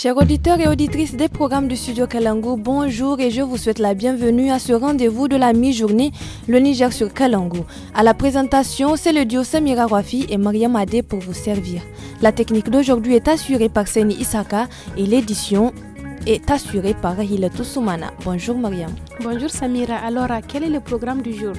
Chers auditeurs et auditrices des programmes du studio Kalango, bonjour et je vous souhaite la bienvenue à ce rendez-vous de la mi-journée, le Niger sur Kalango. À la présentation, c'est le duo Samira Rafi et Mariam Adé pour vous servir. La technique d'aujourd'hui est assurée par Seni Isaka et l'édition est assurée par Rahila Soumana. Bonjour Mariam. Bonjour Samira. Alors, euh, quel est le programme du jour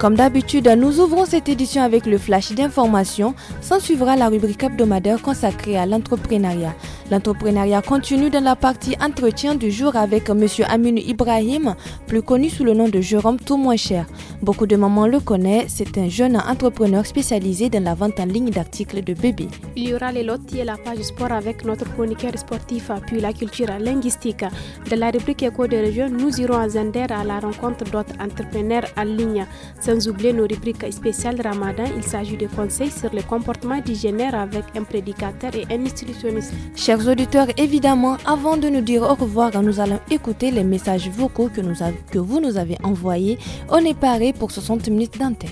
Comme d'habitude, nous ouvrons cette édition avec le flash d'information. S'en suivra la rubrique hebdomadaire consacrée à l'entrepreneuriat. L'entrepreneuriat continue dans la partie entretien du jour avec M. Amin Ibrahim, plus connu sous le nom de Jérôme Tout Moins Cher. Beaucoup de mamans le connaissent, c'est un jeune entrepreneur spécialisé dans la vente en ligne d'articles de bébés. Il y aura les lotis et la page sport avec notre chroniqueur sportif, puis la culture linguistique. De la rubrique Éco de région, nous irons à Zender à la rencontre d'autres entrepreneurs en ligne. Sans oublier nos rubriques spéciales Ramadan, il s'agit de conseils sur le comportement d'hygiénaire avec un prédicateur et un institutionniste. Chers auditeurs, évidemment, avant de nous dire au revoir, nous allons écouter les messages vocaux que, nous que vous nous avez envoyés. On est paré pour 60 minutes d'antenne.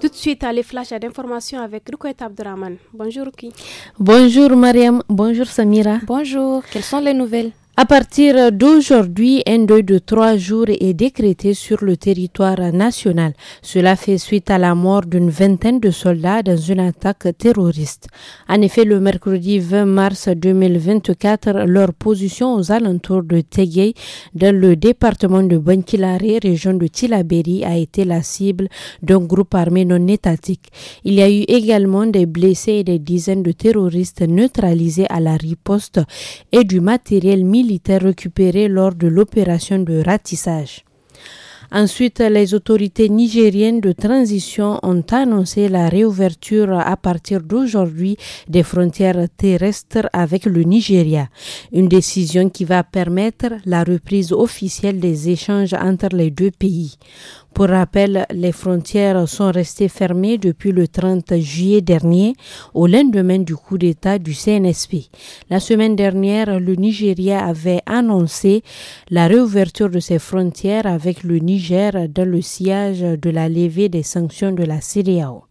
Tout de suite, à les flashs d'informations avec Rukwet Abdraman. Bonjour, qui Bonjour, Mariam. Bonjour, Samira. Bonjour. Quelles sont les nouvelles à partir d'aujourd'hui, un deuil de trois jours est décrété sur le territoire national. Cela fait suite à la mort d'une vingtaine de soldats dans une attaque terroriste. En effet, le mercredi 20 mars 2024, leur position aux alentours de tegué dans le département de Bankilare, région de Tilaberi, a été la cible d'un groupe armé non étatique. Il y a eu également des blessés et des dizaines de terroristes neutralisés à la riposte et du matériel militaire militaires récupérés lors de l'opération de ratissage. Ensuite, les autorités nigériennes de transition ont annoncé la réouverture à partir d'aujourd'hui des frontières terrestres avec le Nigeria, une décision qui va permettre la reprise officielle des échanges entre les deux pays. Pour rappel, les frontières sont restées fermées depuis le 30 juillet dernier, au lendemain du coup d'État du CNSP. La semaine dernière, le Nigeria avait annoncé la réouverture de ses frontières avec le Niger dans le sillage de la levée des sanctions de la CDAO.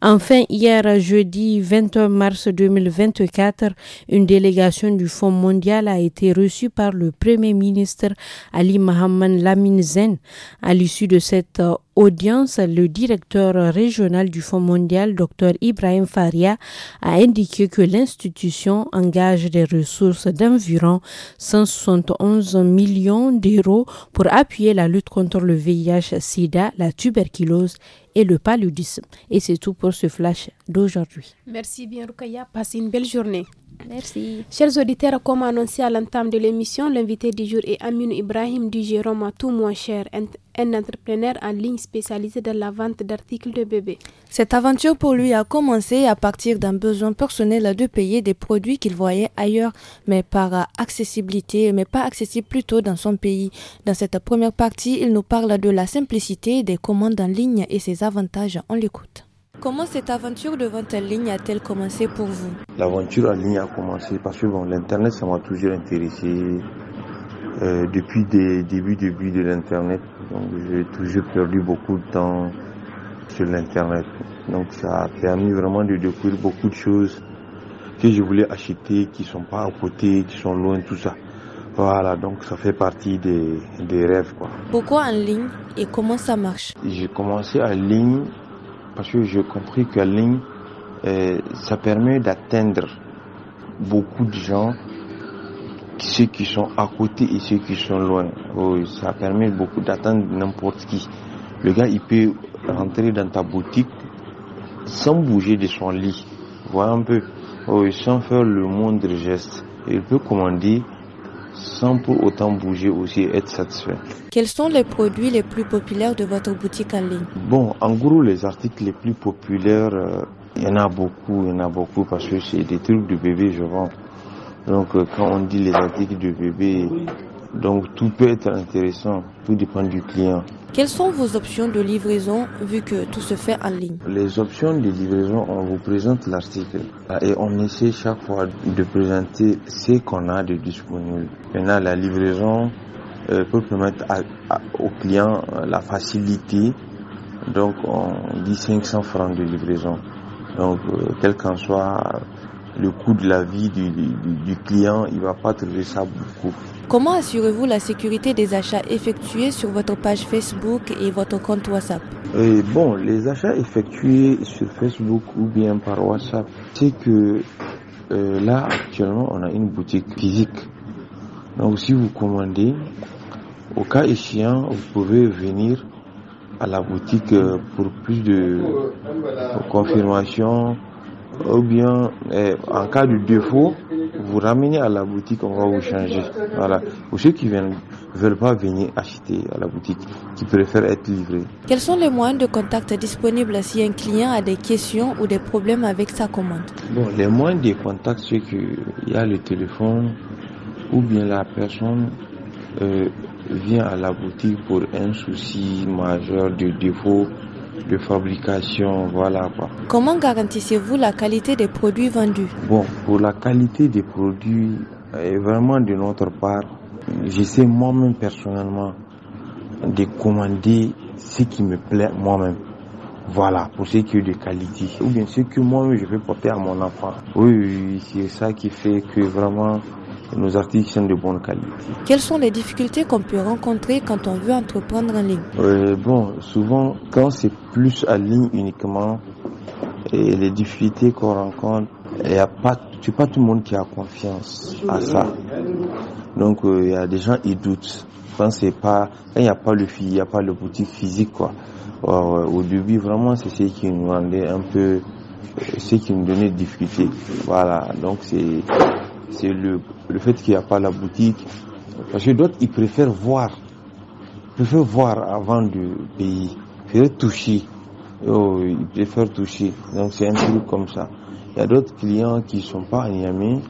Enfin, hier jeudi 21 mars 2024, une délégation du Fonds mondial a été reçue par le Premier ministre Ali Mohamed Lamine Zen. À l'issue de cette euh, audience, le directeur régional du Fonds mondial, Dr Ibrahim Faria, a indiqué que l'institution engage des ressources d'environ 171 millions d'euros pour appuyer la lutte contre le VIH-Sida, la tuberculose et le paludisme. Et c'est tout pour ce flash d'aujourd'hui. Merci bien, Rukaya. Passez une belle journée. Merci. Chers auditeurs, comme annoncé à l'entame de l'émission, l'invité du jour est Amine Ibrahim du Jérôme Tout Moins Cher, un entrepreneur en ligne spécialisé dans la vente d'articles de bébés. Cette aventure pour lui a commencé à partir d'un besoin personnel de payer des produits qu'il voyait ailleurs, mais par accessibilité, mais pas accessible plutôt dans son pays. Dans cette première partie, il nous parle de la simplicité des commandes en ligne et ses avantages. On l'écoute. Comment cette aventure de vente en ligne a-t-elle commencé pour vous L'aventure en ligne a commencé parce que bon, l'Internet, ça m'a toujours intéressé. Euh, depuis des débuts, de l'Internet, donc j'ai toujours perdu beaucoup de temps sur l'Internet. Donc ça a permis vraiment de découvrir beaucoup de choses que je voulais acheter, qui sont pas à côté, qui sont loin, tout ça. Voilà, donc ça fait partie des, rêves. Quoi. Pourquoi en ligne et comment ça marche J'ai commencé en ligne parce que j'ai compris que la ligne, euh, ça permet d'atteindre beaucoup de gens, ceux qui sont à côté et ceux qui sont loin. Oh, ça permet beaucoup d'atteindre n'importe qui. Le gars, il peut rentrer dans ta boutique sans bouger de son lit. Voilà un peu. Oh, sans faire le moindre geste. Il peut commander sans pour autant bouger aussi être satisfait. Quels sont les produits les plus populaires de votre boutique en ligne Bon, en gros, les articles les plus populaires, euh, il y en a beaucoup, il y en a beaucoup parce que c'est des trucs de bébé, je vends. Donc, euh, quand on dit les articles de bébé, donc tout peut être intéressant, tout dépend du client. Quelles sont vos options de livraison vu que tout se fait en ligne Les options de livraison, on vous présente l'article ah, et on essaie chaque fois de présenter ce qu'on a de disponible. Maintenant, la livraison euh, peut permettre aux clients euh, la facilité. Donc, on dit 500 francs de livraison. Donc, euh, quel qu'en soit le coût de la vie du, du client, il ne va pas trouver ça beaucoup. Comment assurez-vous la sécurité des achats effectués sur votre page Facebook et votre compte WhatsApp euh, Bon, les achats effectués sur Facebook ou bien par WhatsApp, c'est que euh, là actuellement on a une boutique physique. Donc si vous commandez, au cas échéant, vous pouvez venir à la boutique euh, pour plus de confirmation ou bien en cas de défaut, vous ramenez à la boutique, on va vous changer. Voilà. Pour ceux qui ne veulent pas venir acheter à la boutique, qui préfèrent être livrés. Quels sont les moyens de contact disponibles si un client a des questions ou des problèmes avec sa commande les moyens de contact, c'est qu'il y a le téléphone ou bien la personne euh, vient à la boutique pour un souci majeur de défaut de fabrication, voilà quoi. Comment garantissez-vous la qualité des produits vendus Bon, pour la qualité des produits, vraiment de notre part, j'essaie moi-même personnellement de commander ce qui me plaît moi-même. Voilà, pour ce qui est de qualité. Ou bien ce que moi-même je vais porter à mon enfant. Oui, oui c'est ça qui fait que vraiment nos articles sont de bonne qualité. Quelles sont les difficultés qu'on peut rencontrer quand on veut entreprendre en ligne euh, Bon, souvent, quand c'est plus en ligne uniquement, et les difficultés qu'on rencontre, il n'y a pas, c'est pas tout le monde qui a confiance à ça. Donc, euh, il y a des gens qui doutent. Quand pas, il n'y a pas le il n'y a pas le boutique physique, quoi. Euh, au début, vraiment, c'est ce qui nous rendait un peu, ce qui nous donnait des difficultés. Voilà. Donc, c'est, c'est le, fait qu'il n'y a pas la boutique. Parce que d'autres, ils préfèrent voir. Ils préfèrent voir avant de payer. Ils préfèrent toucher. Oh, ils préfèrent toucher. Donc c'est un truc comme ça. Il y a d'autres clients qui ne sont pas en Yamé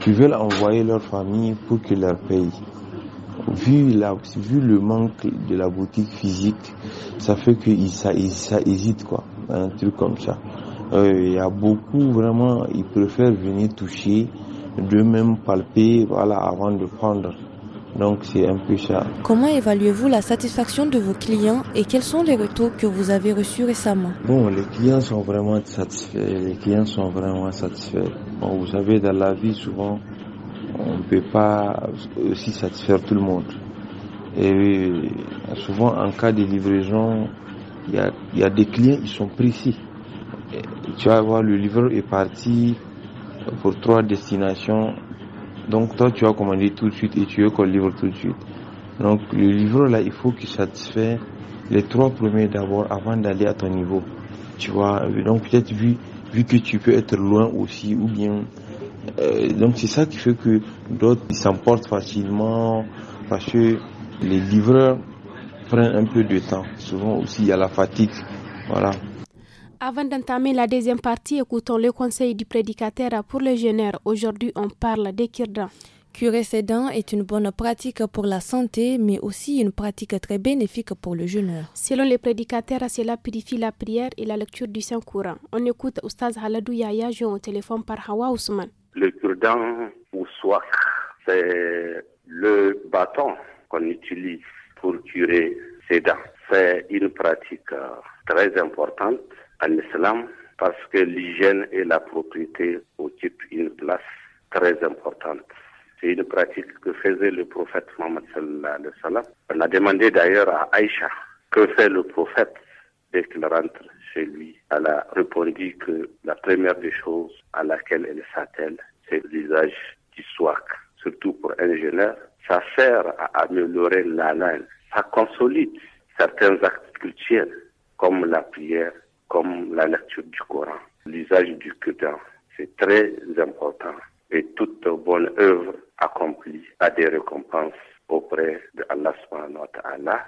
qui veulent envoyer leur famille pour qu'ils leur payent. Vu, la, vu le manque de la boutique physique, ça fait que ça, hésite, quoi. Un truc comme ça. Euh, il y a beaucoup, vraiment, ils préfèrent venir toucher de même palper voilà, avant de prendre. Donc c'est un peu ça. Comment évaluez-vous la satisfaction de vos clients et quels sont les retours que vous avez reçus récemment Bon, les clients sont vraiment satisfaits. Les clients sont vraiment satisfaits. vous savez, dans la vie, souvent, on ne peut pas aussi satisfaire tout le monde. Et souvent, en cas de livraison, il y a, des clients qui sont précis. tu vas voir, le livre est parti, pour trois destinations. Donc toi, tu as commandé tout de suite et tu veux qu'on livre tout de suite. Donc le livre, là, il faut qu'il satisfait les trois premiers d'abord avant d'aller à ton niveau. Tu vois, euh, donc peut-être vu, que tu peux être loin aussi ou bien... Euh, donc c'est ça qui fait que d'autres s'emportent facilement parce que les livreurs prennent un peu de temps. Souvent aussi il y a la fatigue. Voilà. Avant d'entamer la deuxième partie, écoutons le conseil du prédicateur pour le jeunes. Aujourd'hui, on parle des kirdans. Curer ses dents est une bonne pratique pour la santé, mais aussi une pratique très bénéfique pour le jeûneur. Selon les prédicateurs, cela purifie la prière et la lecture du Saint-Courant. On écoute Oustaz Haladou Yaya, au téléphone par Hawa Ousmane. Le cure ou soie, c'est le bâton qu'on utilise pour curer ses dents. C'est une pratique euh, très importante à l'islam parce que l'hygiène et la propriété occupent une place très importante. C'est une pratique que faisait le prophète Mohammed sallallahu alayhi wa sallam. On a demandé d'ailleurs à Aïcha que fait le prophète dès qu'il rentre chez lui. Elle a répondu que la première des choses à laquelle elle s'attelle, c'est l'usage du swak. Surtout pour un homme, ça sert à améliorer la Ça consolide certains actes culturels comme la prière, comme la lecture du Coran, l'usage du Qur'an. C'est très important. Et toute bonne œuvre accomplie a des récompenses auprès de Allah subhanahu wa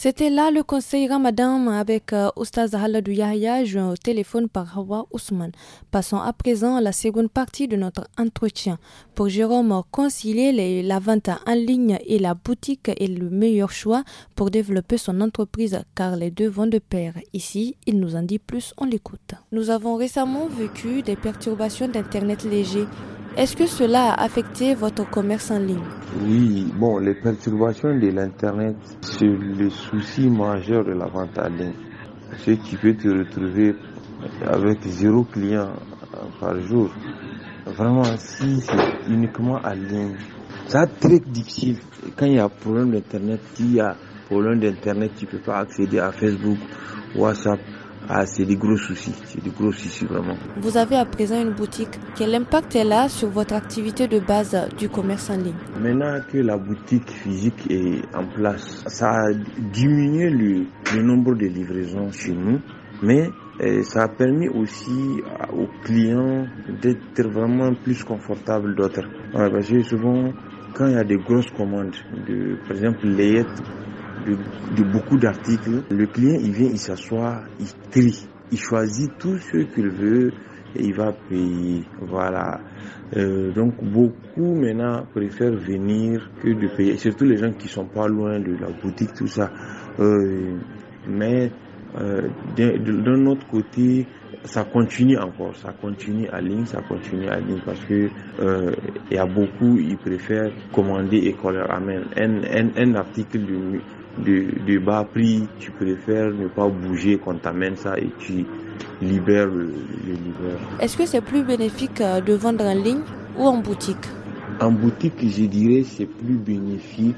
c'était là le conseil Ramadan avec euh, Oustaz Haladou Yahya, joint au téléphone par Hawa Ousmane. Passons à présent à la seconde partie de notre entretien. Pour Jérôme, concilier la vente en ligne et la boutique est le meilleur choix pour développer son entreprise car les deux vont de pair. Ici, il nous en dit plus, on l'écoute. Nous avons récemment vécu des perturbations d'Internet léger. Est-ce que cela a affecté votre commerce en ligne Oui, bon, les perturbations de l'Internet, c'est le souci majeur de la vente en ligne. C'est que tu peux te retrouver avec zéro client euh, par jour. Vraiment, si c'est uniquement en ligne, c'est très difficile. Quand il y a problème d'Internet, il y a problème d'Internet, tu ne peux pas accéder à Facebook, WhatsApp, ah, c'est des gros soucis, c'est des gros soucis vraiment. Vous avez à présent une boutique. Quel impact elle a sur votre activité de base du commerce en ligne Maintenant que la boutique physique est en place, ça a diminué le, nombre de livraisons chez nous, mais euh, ça a permis aussi aux clients d'être vraiment plus confortables d'autres. parce que souvent, quand il y a des grosses commandes, de, par exemple, les de, beaucoup d'articles. Le client, il vient, il s'assoit, il trie, il choisit tout ce qu'il veut et il va payer. Voilà. Euh, donc beaucoup maintenant préfèrent venir que de payer, surtout les gens qui sont pas loin de la boutique, tout ça. Euh, mais euh, d'un autre côté, ça continue encore, ça continue à ligne, ça continue à ligne parce que il y a beaucoup, ils préfèrent commander et qu'on leur amène un, un, un article de de, bas prix, tu préfères ne pas bouger quand t'amènes ça et tu libères le, libère. Est-ce que c'est plus bénéfique euh, de vendre en ligne ou en boutique En boutique, je dirais c'est plus bénéfique.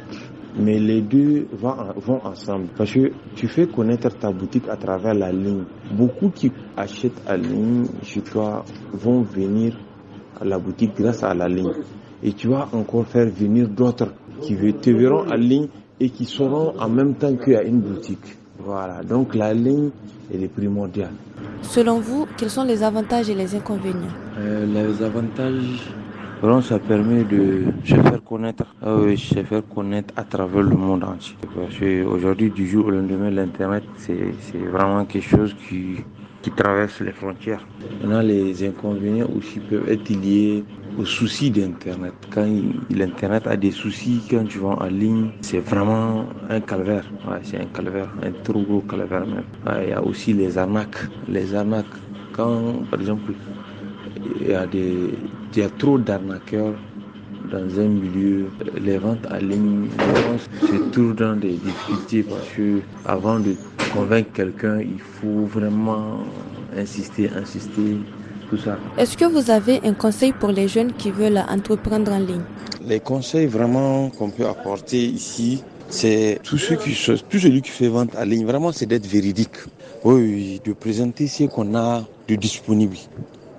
Mais les deux vont, vont ensemble parce que tu fais connaître ta boutique à travers la ligne. Beaucoup qui achètent en ligne chez toi vont venir à la boutique grâce à la ligne. Et tu vas encore faire venir d'autres qui te verront en ligne et qui seront en même temps qu'à une boutique. Voilà, donc la ligne est primordiale. Selon vous, quels sont les avantages et les inconvénients euh, Les avantages, ça permet de se faire connaître, ah se faire connaître à travers le monde entier. Aujourd'hui, du jour au lendemain, l'Internet, c'est vraiment quelque chose qui, qui traverse les frontières. a les inconvénients aussi peuvent être liés aux souci d'Internet. Quand l'Internet a des soucis, quand tu vas en ligne, c'est vraiment un calvaire. c'est un calvaire, un trop gros calvaire même. Il y a aussi les arnaques. Les arnaques, quand par exemple, il y a, trop d'arnaqueurs dans un milieu, les ventes en ligne, c'est toujours dans des difficultés parce que avant de convaincre quelqu'un, il faut vraiment insister, insister. Est-ce que vous avez un conseil pour les jeunes qui veulent entreprendre en ligne Les conseils vraiment qu'on peut apporter ici, c'est tout, ceux qui, celui qui fait vente en ligne, vraiment, c'est d'être véridique. Oui, de présenter ce qu'on a de disponible.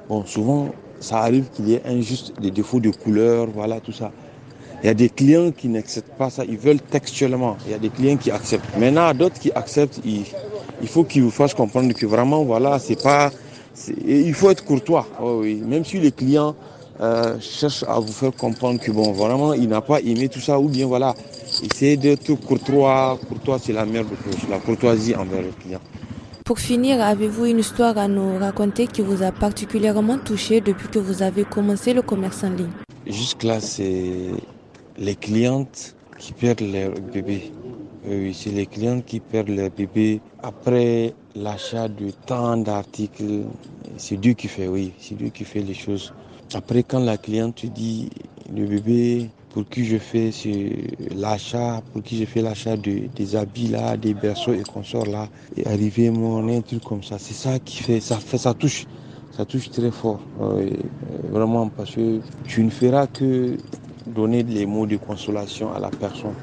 Bon, souvent, ça arrive qu'il y ait injuste des défauts de couleur, voilà, tout ça. Il y a des clients qui n'acceptent pas ça, ils veulent textuellement. Il y a des clients qui acceptent. Maintenant, d'autres qui acceptent, il, il faut qu'ils vous fassent comprendre que vraiment, voilà, c'est pas il faut être courtois, oh oui. même si les clients euh, cherchent à vous faire comprendre que bon, vraiment, il n'a pas aimé tout ça, ou bien voilà, essayez d'être courtois. Courtois, c'est la merde la courtoisie envers le client. Pour finir, avez-vous une histoire à nous raconter qui vous a particulièrement touché depuis que vous avez commencé le commerce en ligne Jusque-là, c'est les clientes qui perdent leur bébé. Oui, c'est les clientes qui perdent leur bébé après l'achat de tant d'articles, c'est Dieu qui fait, oui, c'est Dieu qui fait les choses. Après, quand la cliente te dit, le bébé pour qui je fais l'achat, pour qui je fais l'achat de, des habits là, des berceaux et consorts là, et arriver mon un truc comme ça, c'est ça qui fait, ça fait, ça touche, ça touche très fort, ah euh, vraiment parce que tu ne feras que donner les mots de consolation à la personne.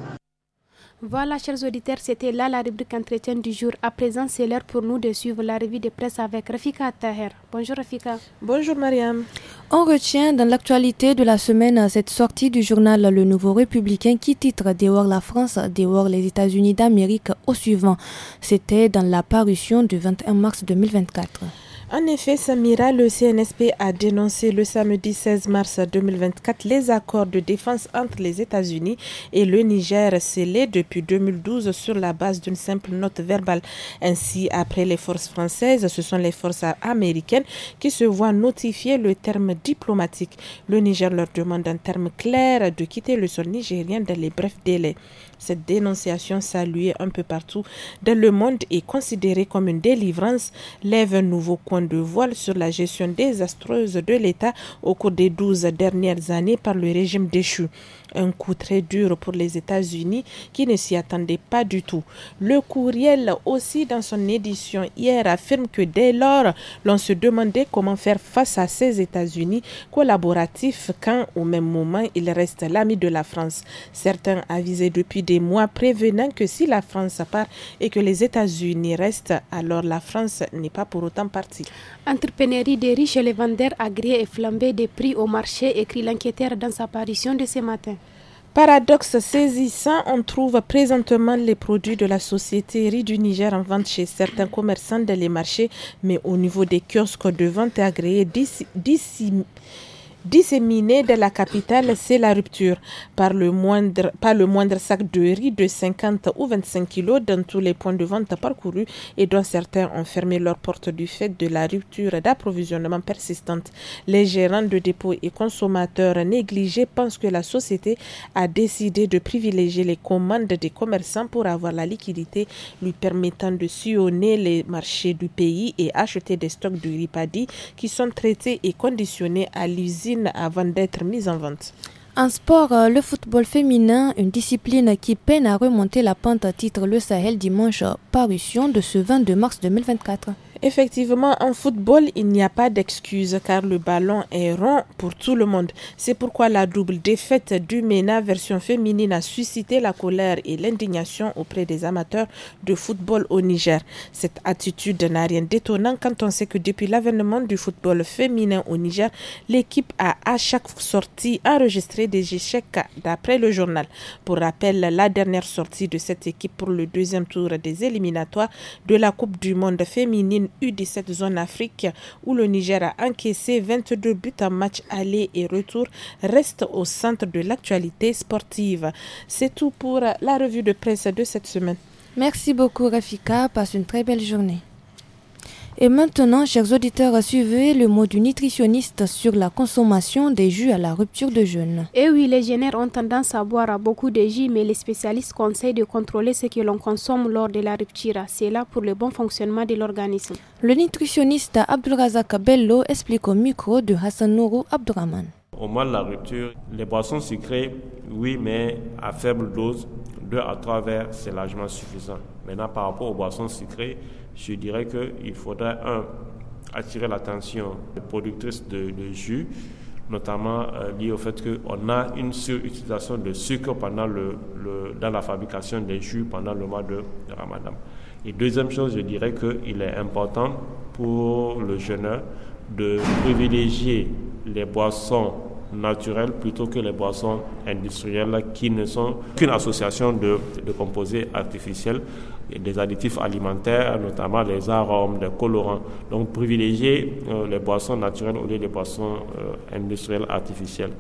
Voilà, chers auditeurs, c'était là la rubrique entretien du jour. À présent, c'est l'heure pour nous de suivre la revue de presse avec Rafika Taher. Bonjour Rafika. Bonjour Mariam. On retient dans l'actualité de la semaine cette sortie du journal Le Nouveau Républicain qui titre Dehors la France, dehors les États-Unis d'Amérique au suivant. C'était dans la parution du 21 mars 2024. En effet, Samira, le CNSP a dénoncé le samedi 16 mars 2024 les accords de défense entre les États-Unis et le Niger scellés depuis 2012 sur la base d'une simple note verbale. Ainsi, après les forces françaises, ce sont les forces américaines qui se voient notifier le terme diplomatique. Le Niger leur demande en termes clairs de quitter le sol nigérien dans les brefs délais. Cette dénonciation saluée un peu partout dans le monde est considérée comme une délivrance, lève un nouveau coin de voile sur la gestion désastreuse de l'État au cours des 12 dernières années par le régime déchu. Un coup très dur pour les États-Unis qui ne s'y attendaient pas du tout. Le courriel aussi dans son édition hier affirme que dès lors, l'on se demandait comment faire face à ces États-Unis collaboratifs quand au même moment ils restent l'ami de la France. Certains avisaient depuis des mois prévenant que si la France part et que les États-Unis restent, alors la France n'est pas pour autant partie. Entrepreneurie des riches, les vendeurs agréés et flambés des prix au marché, écrit l'enquêteur dans sa parution de ce matin. Paradoxe saisissant, on trouve présentement les produits de la société riz du Niger en vente chez certains commerçants dans les marchés, mais au niveau des kiosques de vente agréés, 10, disséminée de la capitale, c'est la rupture. Par le, moindre, sac de riz de 50 ou 25 kilos dans tous les points de vente parcourus et dont certains ont fermé leurs portes du fait de la rupture d'approvisionnement persistante. Les gérants de dépôts et consommateurs négligés pensent que la société a décidé de privilégier les commandes des commerçants pour avoir la liquidité lui permettant de sillonner les marchés du pays et acheter des stocks de riz paddy qui sont traités et conditionnés à l'usine avant d'être mise en vente. En sport, euh, le football féminin, une discipline qui peine à remonter la pente, à titre le Sahel dimanche, parution de ce 22 mars 2024. Effectivement, en football, il n'y a pas d'excuse car le ballon est rond pour tout le monde. C'est pourquoi la double défaite du MENA version féminine a suscité la colère et l'indignation auprès des amateurs de football au Niger. Cette attitude n'a rien d'étonnant quand on sait que depuis l'avènement du football féminin au Niger, l'équipe a à chaque sortie enregistré des échecs d'après le journal. Pour rappel, la dernière sortie de cette équipe pour le deuxième tour des éliminatoires de la Coupe du monde féminine U17 Zone Afrique où le Niger a encaissé 22 buts en match aller et retour reste au centre de l'actualité sportive. C'est tout pour la revue de presse de cette semaine. Merci beaucoup Rafika, passe une très belle journée. Et maintenant, chers auditeurs, suivez le mot du nutritionniste sur la consommation des jus à la rupture de jeûne. Eh oui, les génères ont tendance à boire à beaucoup de jus, mais les spécialistes conseillent de contrôler ce que l'on consomme lors de la rupture. C'est là pour le bon fonctionnement de l'organisme. Le nutritionniste Abdulrazak Bello explique au micro de Hassan Nourou Abdurrahman. Au moment de la rupture, les boissons sucrées, oui, mais à faible dose, 2 à 3 verres, c'est largement suffisant. Maintenant, par rapport aux boissons sucrées, je dirais qu'il faudrait, un, attirer l'attention des productrices de, jus, notamment euh, lié au fait qu'on a une surutilisation de sucre pendant le, dans la fabrication des jus pendant le mois de Ramadan. Et deuxième chose, je dirais qu'il est important pour le jeûneur de privilégier les boissons naturelles plutôt que les boissons industrielles qui ne sont qu'une association de composés artificiels des additifs alimentaires, notamment les arômes, les colorants. Donc privilégier euh, les boissons naturelles au lieu des boissons euh, industrielles artificielles.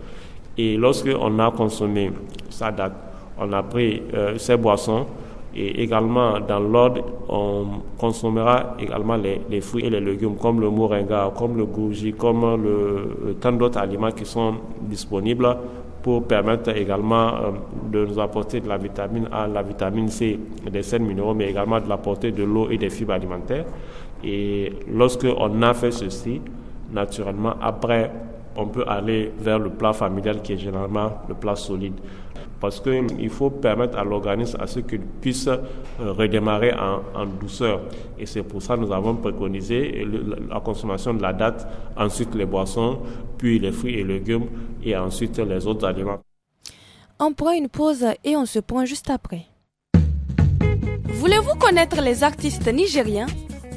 Et lorsque on a consommé sa date, on a pris euh, ces boissons et également dans l'ordre, on consommera également les, fruits et les légumes comme le moringa, comme le gourgi, comme tant d'autres aliments qui sont disponibles pour permettre également euh, de nous apporter de la vitamine A, la vitamine C, des sels minéraux, mais également de l'apporter de l'eau et des fibres alimentaires. Et lorsque on a fait ceci, naturellement, après, on peut aller vers le plat familial qui est généralement le plat solide parce qu'il faut permettre à l'organisme à ce qu'il puisse euh, redémarrer en, douceur. Et c'est pour ça que nous avons préconisé la consommation de la date, ensuite les boissons, puis les fruits et légumes, et ensuite les autres aliments. On prend une pause et on se prend juste après. Voulez-vous connaître les artistes nigériens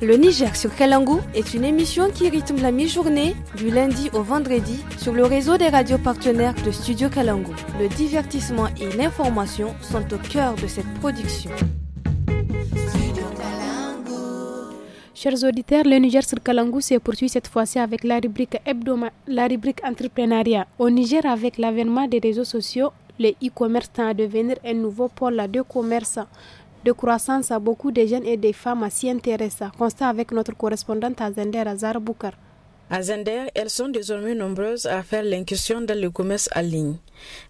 Le Niger sur Kalangu est une émission qui rythme la mi-journée du lundi au vendredi sur le réseau des radios partenaires de Studio Kalangu. Le divertissement et l'information sont au cœur de cette production. Chers auditeurs, le Niger sur Kalangou se poursuit cette fois-ci avec la rubrique hebdomadaire, la rubrique entrepreneuriat. Au Niger, avec l'avènement des réseaux sociaux, le e-commerce tend à devenir un nouveau pôle de commerce de croissance, beaucoup de jeunes et des femmes s'y intéressent, constat avec notre correspondante Azender Azar Boukar. Azender, elles sont désormais nombreuses à faire l'incursion dans le commerce en ligne.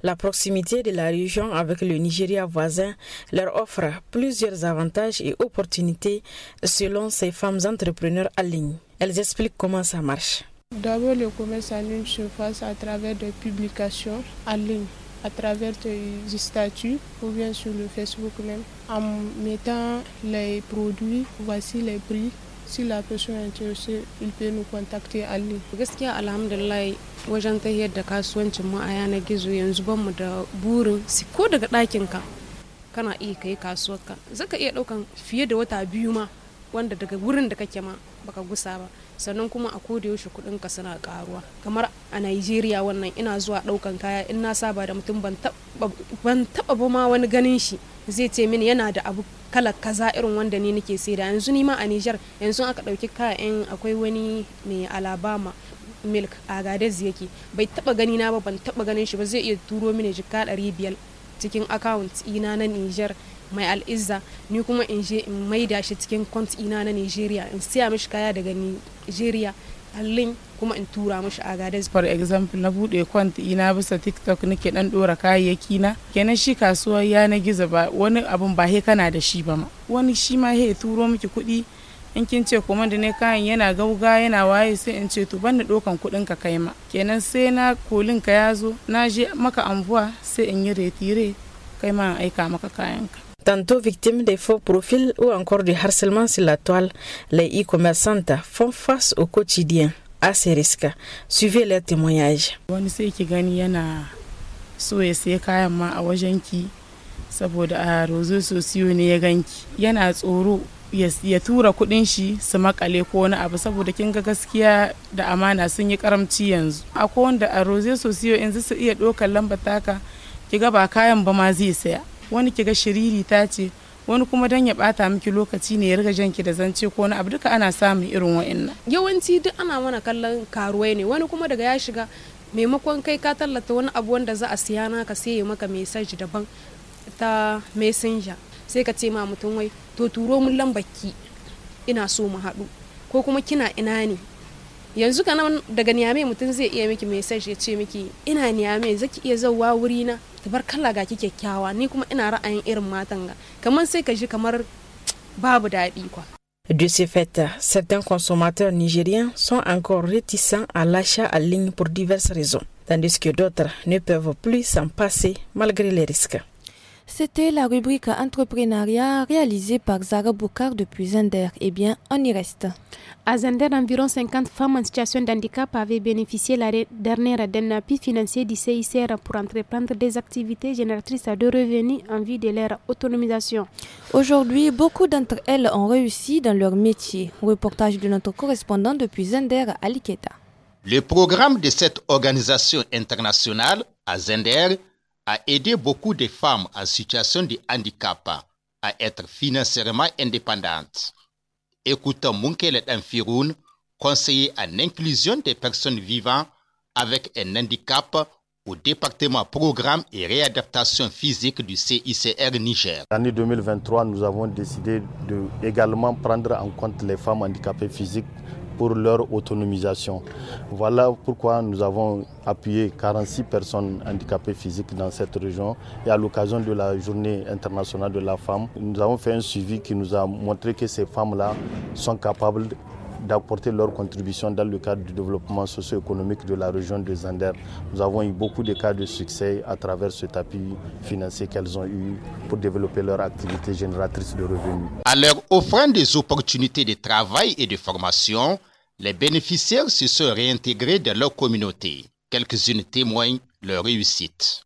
La proximité de la région avec le Nigeria voisin leur offre plusieurs avantages et opportunités selon ces femmes entrepreneurs en ligne. Elles expliquent comment ça marche. D'abord, le commerce en ligne se passe à travers des publications en ligne à travers des statuts ou bien sur le Facebook même, en mettant les produits, voici les prix. Si la personne est intéressée, il peut nous contacter à lui. Gaskiya alhamdulillah wajen ta yadda kasuwancin mu a yanar gizo yanzu ban mu da burin si ko daga ɗakin ka kana iya kai kasuwar ka zaka iya ɗaukan fiye da wata biyu ma wanda daga wurin da kake ma baka gusa ba sannan kuma a koda yaushe kuɗin ka suna karuwa kamar a Najeriya wannan ina zuwa ɗaukan kaya in na saba da mutum ban taɓa ba ma wani ganin shi zai ce mini yana da abu kala kaza irin wanda ni nake saida yanzu ni ma a Niger yanzu aka ɗauki in akwai wani mai Alabama milk a gadez yake bai taba gani na ba ban taba ganin shi ba zai iya turo mini jikka ɗari biyar cikin account ina na Niger mai al'izza ni kuma in je in maida shi cikin kwant ina na nigeria in siya mishi kaya daga nigeria allin kuma in tura mishi a gadez for example na bude kwant ina bisa tiktok nake dan dora kayayyaki na kenan shi kasuwar yana gizo ba wani abun ba he kana da shi ba ma wani shi ma he turo miki kuɗi in kin ce da ne kayan yana gauga yana waye sai in ce to ɗaukan dokan kudin ka kai ma kenan sai na kolin ka ya zo na je maka anbuwa sai in yi retire kai ma aika maka kayan ka tantôt victimes des faux profils ou encore du harcèlement sur la toile, les e-commerçantes font face au quotidien a ces risques. Suivez leurs témoignages. Wani sai ki gani yana so ya kayan ma a wajen ki saboda a rozo sosiyo ne ya ganki. Yana tsoro ya tura kudin shi su makale ko wani abu saboda kin ga gaskiya da amana sun yi karamci yanzu. Akwai wanda a rozo sosiyo yanzu su iya ɗaukar lambar taka ki ga ba kayan ba ma zai saya. wani ki ga shiriri ta ce wani kuma dan ya bata miki lokaci ne ya riga janki da zance ko wani abu duka ana samun irin wa'annan yawanci duk ana mana kallon karuwai ne wani kuma daga ya shiga maimakon kai ka tallata wani abu wanda za a siya naka sai ya maka message daban ta messenger sai ka ce ma mutum wai to turo mun lambaki ina so mu haɗu ko kuma kina ina ne yanzu kana daga niyame mutum zai iya miki message ya ce miki ina niyame zaki iya zauwa wuri na De ce fait, certains consommateurs nigériens sont encore réticents à l'achat en ligne pour diverses raisons, tandis que d'autres ne peuvent plus s'en passer malgré les risques. C'était la rubrique entrepreneuriat réalisée par Zara Boukar depuis Zender. Eh bien, on y reste. À Zender, environ 50 femmes en situation d'handicap avaient bénéficié l'année dernière d'un appui financier du CICR pour entreprendre des activités génératrices de revenus en vue de leur autonomisation. Aujourd'hui, beaucoup d'entre elles ont réussi dans leur métier. Reportage de notre correspondant depuis Zender, Aliketa. Le programme de cette organisation internationale, à Zender, a aidé beaucoup de femmes en situation de handicap à être financièrement indépendantes. Écoutons Munkele Danfiroun, conseiller en inclusion des personnes vivant avec un handicap au département programme et réadaptation physique du CICR Niger. L'année 2023, nous avons décidé de également prendre en compte les femmes handicapées physiques pour leur autonomisation. Voilà pourquoi nous avons appuyé 46 personnes handicapées physiques dans cette région et à l'occasion de la journée internationale de la femme, nous avons fait un suivi qui nous a montré que ces femmes-là sont capables d'apporter leur contribution dans le cadre du développement socio-économique de la région de Zander. Nous avons eu beaucoup de cas de succès à travers ce tapis financier qu'elles ont eu pour développer leur activité génératrice de revenus. À leur offrant des opportunités de travail et de formation, les bénéficiaires se sont réintégrés dans leur communauté. Quelques-unes témoignent leur réussite.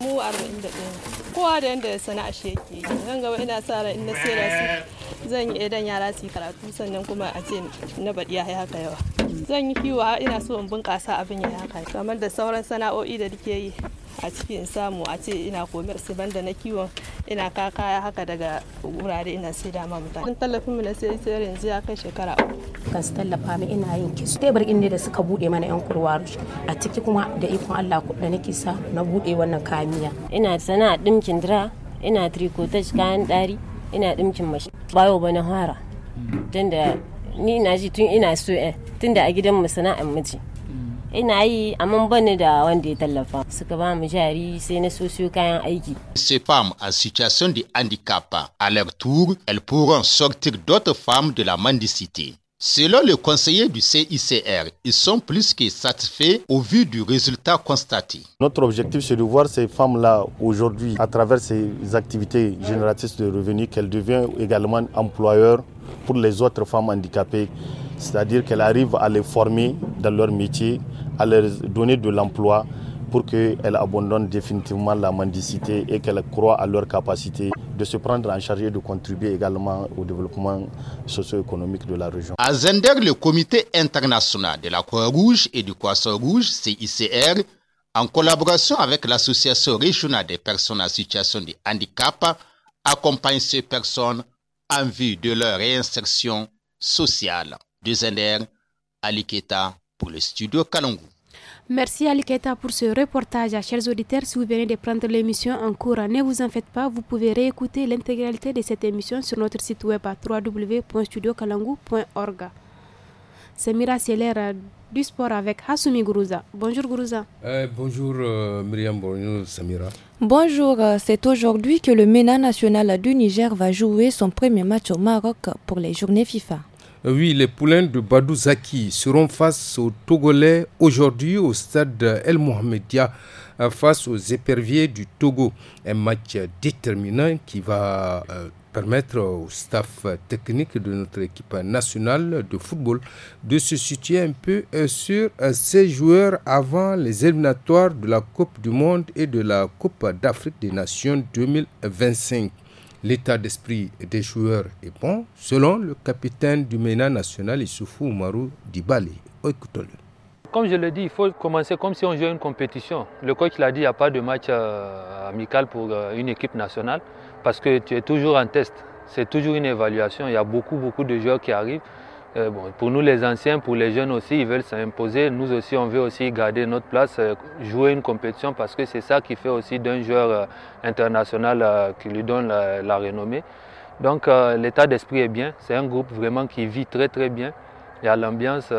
a cikin samu a ce ina komar su banda na kiwon ina kaka haka daga wurare ina sai da ma mutane kun tallafin mu na sai sai yanzu ya kai shekara uku kan su tallafa mu ina yin kisu tebur din ne da suka buɗe mana yan kurwaru a ciki kuma da ikon Allah kuɗa na kisa na bude wannan kamiya ina sana'a dimkin dira ina tricotage kayan dari ina dimkin mashi bayo bana hara tunda ni na ji tun ina so eh, tunda a gidan mu sana'ar miji ina yi da wanda ya tallafa suka ba mu jari sai na ces femmes en situation de handicap à leur tour elles pourront sortir d'autres femmes de la mendicité Selon le conseiller du CICR, ils sont plus que satisfaits au vu du résultat constaté. Notre objectif, c'est de voir ces femmes-là aujourd'hui, à travers ces activités génératrices de revenus, qu'elles deviennent également employeurs pour les autres femmes handicapées c'est-à-dire qu'elle arrive à les former dans leur métier, à leur donner de l'emploi pour qu'elles abandonnent définitivement la mendicité et qu'elles croient à leur capacité de se prendre en charge et de contribuer également au développement socio-économique de la région. À Zender, le comité international de la Croix-Rouge et du Croissant-Rouge, CICR, en collaboration avec l'Association régionale des personnes en situation de handicap, accompagne ces personnes en vue de leur réinsertion sociale de Zender, Ali Keta pour le studio Kalangu. Merci Aliketa pour ce reportage. Chers auditeurs, si vous venez de prendre l'émission en cours, ne vous en faites pas, vous pouvez réécouter l'intégralité de cette émission sur notre site web à www.studiokalangu.org. Samira l'ère du sport avec Hassoumi Gourouza. Bonjour Gourouza. Eh, bonjour euh, Myriam, bonjour Samira. Bonjour, euh, c'est aujourd'hui que le MENA national du Niger va jouer son premier match au Maroc pour les journées FIFA. Euh, oui, les poulains de Badou Zaki seront face aux Togolais aujourd'hui au stade El Mohamedia euh, face aux éperviers du Togo. Un match déterminant qui va euh, permettre au staff technique de notre équipe nationale de football de se situer un peu sur ses joueurs avant les éliminatoires de la Coupe du Monde et de la Coupe d'Afrique des Nations 2025. L'état d'esprit des joueurs est bon, selon le capitaine du MENA national, Issoufou Maru Dibali. Écoutons-le. Comme je l'ai dit, il faut commencer comme si on jouait une compétition. Le coach l'a dit, il n'y a pas de match euh, amical pour euh, une équipe nationale parce que tu es toujours en test. C'est toujours une évaluation. Il y a beaucoup, beaucoup de joueurs qui arrivent. Euh, pour nous les anciens, pour les jeunes aussi, ils veulent s'imposer. Nous aussi, on veut aussi garder notre place, euh, jouer une compétition parce que c'est ça qui fait aussi d'un joueur euh, international qui lui donne la, renommée. Donc l'état d'esprit est bien. C'est un groupe vraiment qui vit très très bien. Il y a l'ambiance,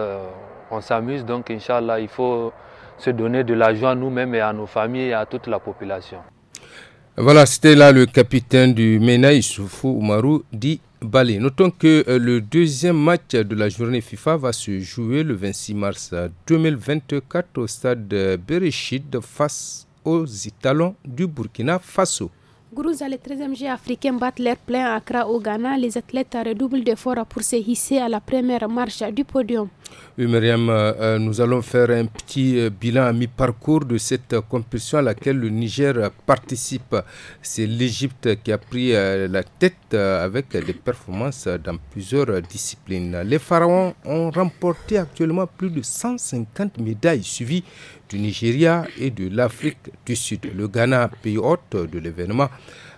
on s'amuse. Donc Inch'Allah, il faut se donner de l'argent à nous-mêmes et à nos familles et à toute la population. Voilà, c'était là le capitaine du Menaï Soufou Oumarou, dit Bali, notons que euh, le deuxième match de la journée FIFA va se jouer le 26 mars 2024 au stade Bereshid face aux Italons du Burkina Faso. Gourouza, les 13e africains battent l'air plein à Accra au Ghana. Les athlètes redoublent d'efforts pour se hisser à la première marche du podium. Oui, Myriam, euh, euh, nous allons faire un petit euh, bilan à mi-parcours de cette compétition à laquelle le Niger participe. C'est l'Égypte qui a pris la tête avec des performances dans plusieurs disciplines. Les pharaons ont remporté actuellement plus de 150 médailles, suivies du Nigeria et de l'Afrique du Sud. Le Ghana, pays hôte de l'événement,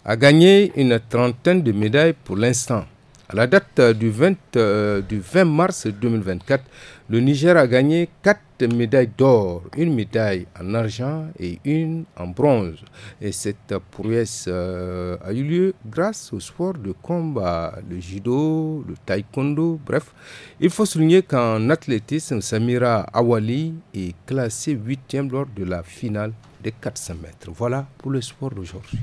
a gagné une trentaine de médailles pour l'instant. À la date du 20, euh, du 20 mars 2024, le Niger a gagné quatre médailles d'or, une médaille en argent et une en bronze. Et cette prouesse euh, a eu lieu grâce au sport de combat, le judo, le taekwondo, bref. Il faut souligner qu'en athlétisme, Samira Awali est classée huitième lors de la finale des 400 mètres. Voilà pour le sport d'aujourd'hui.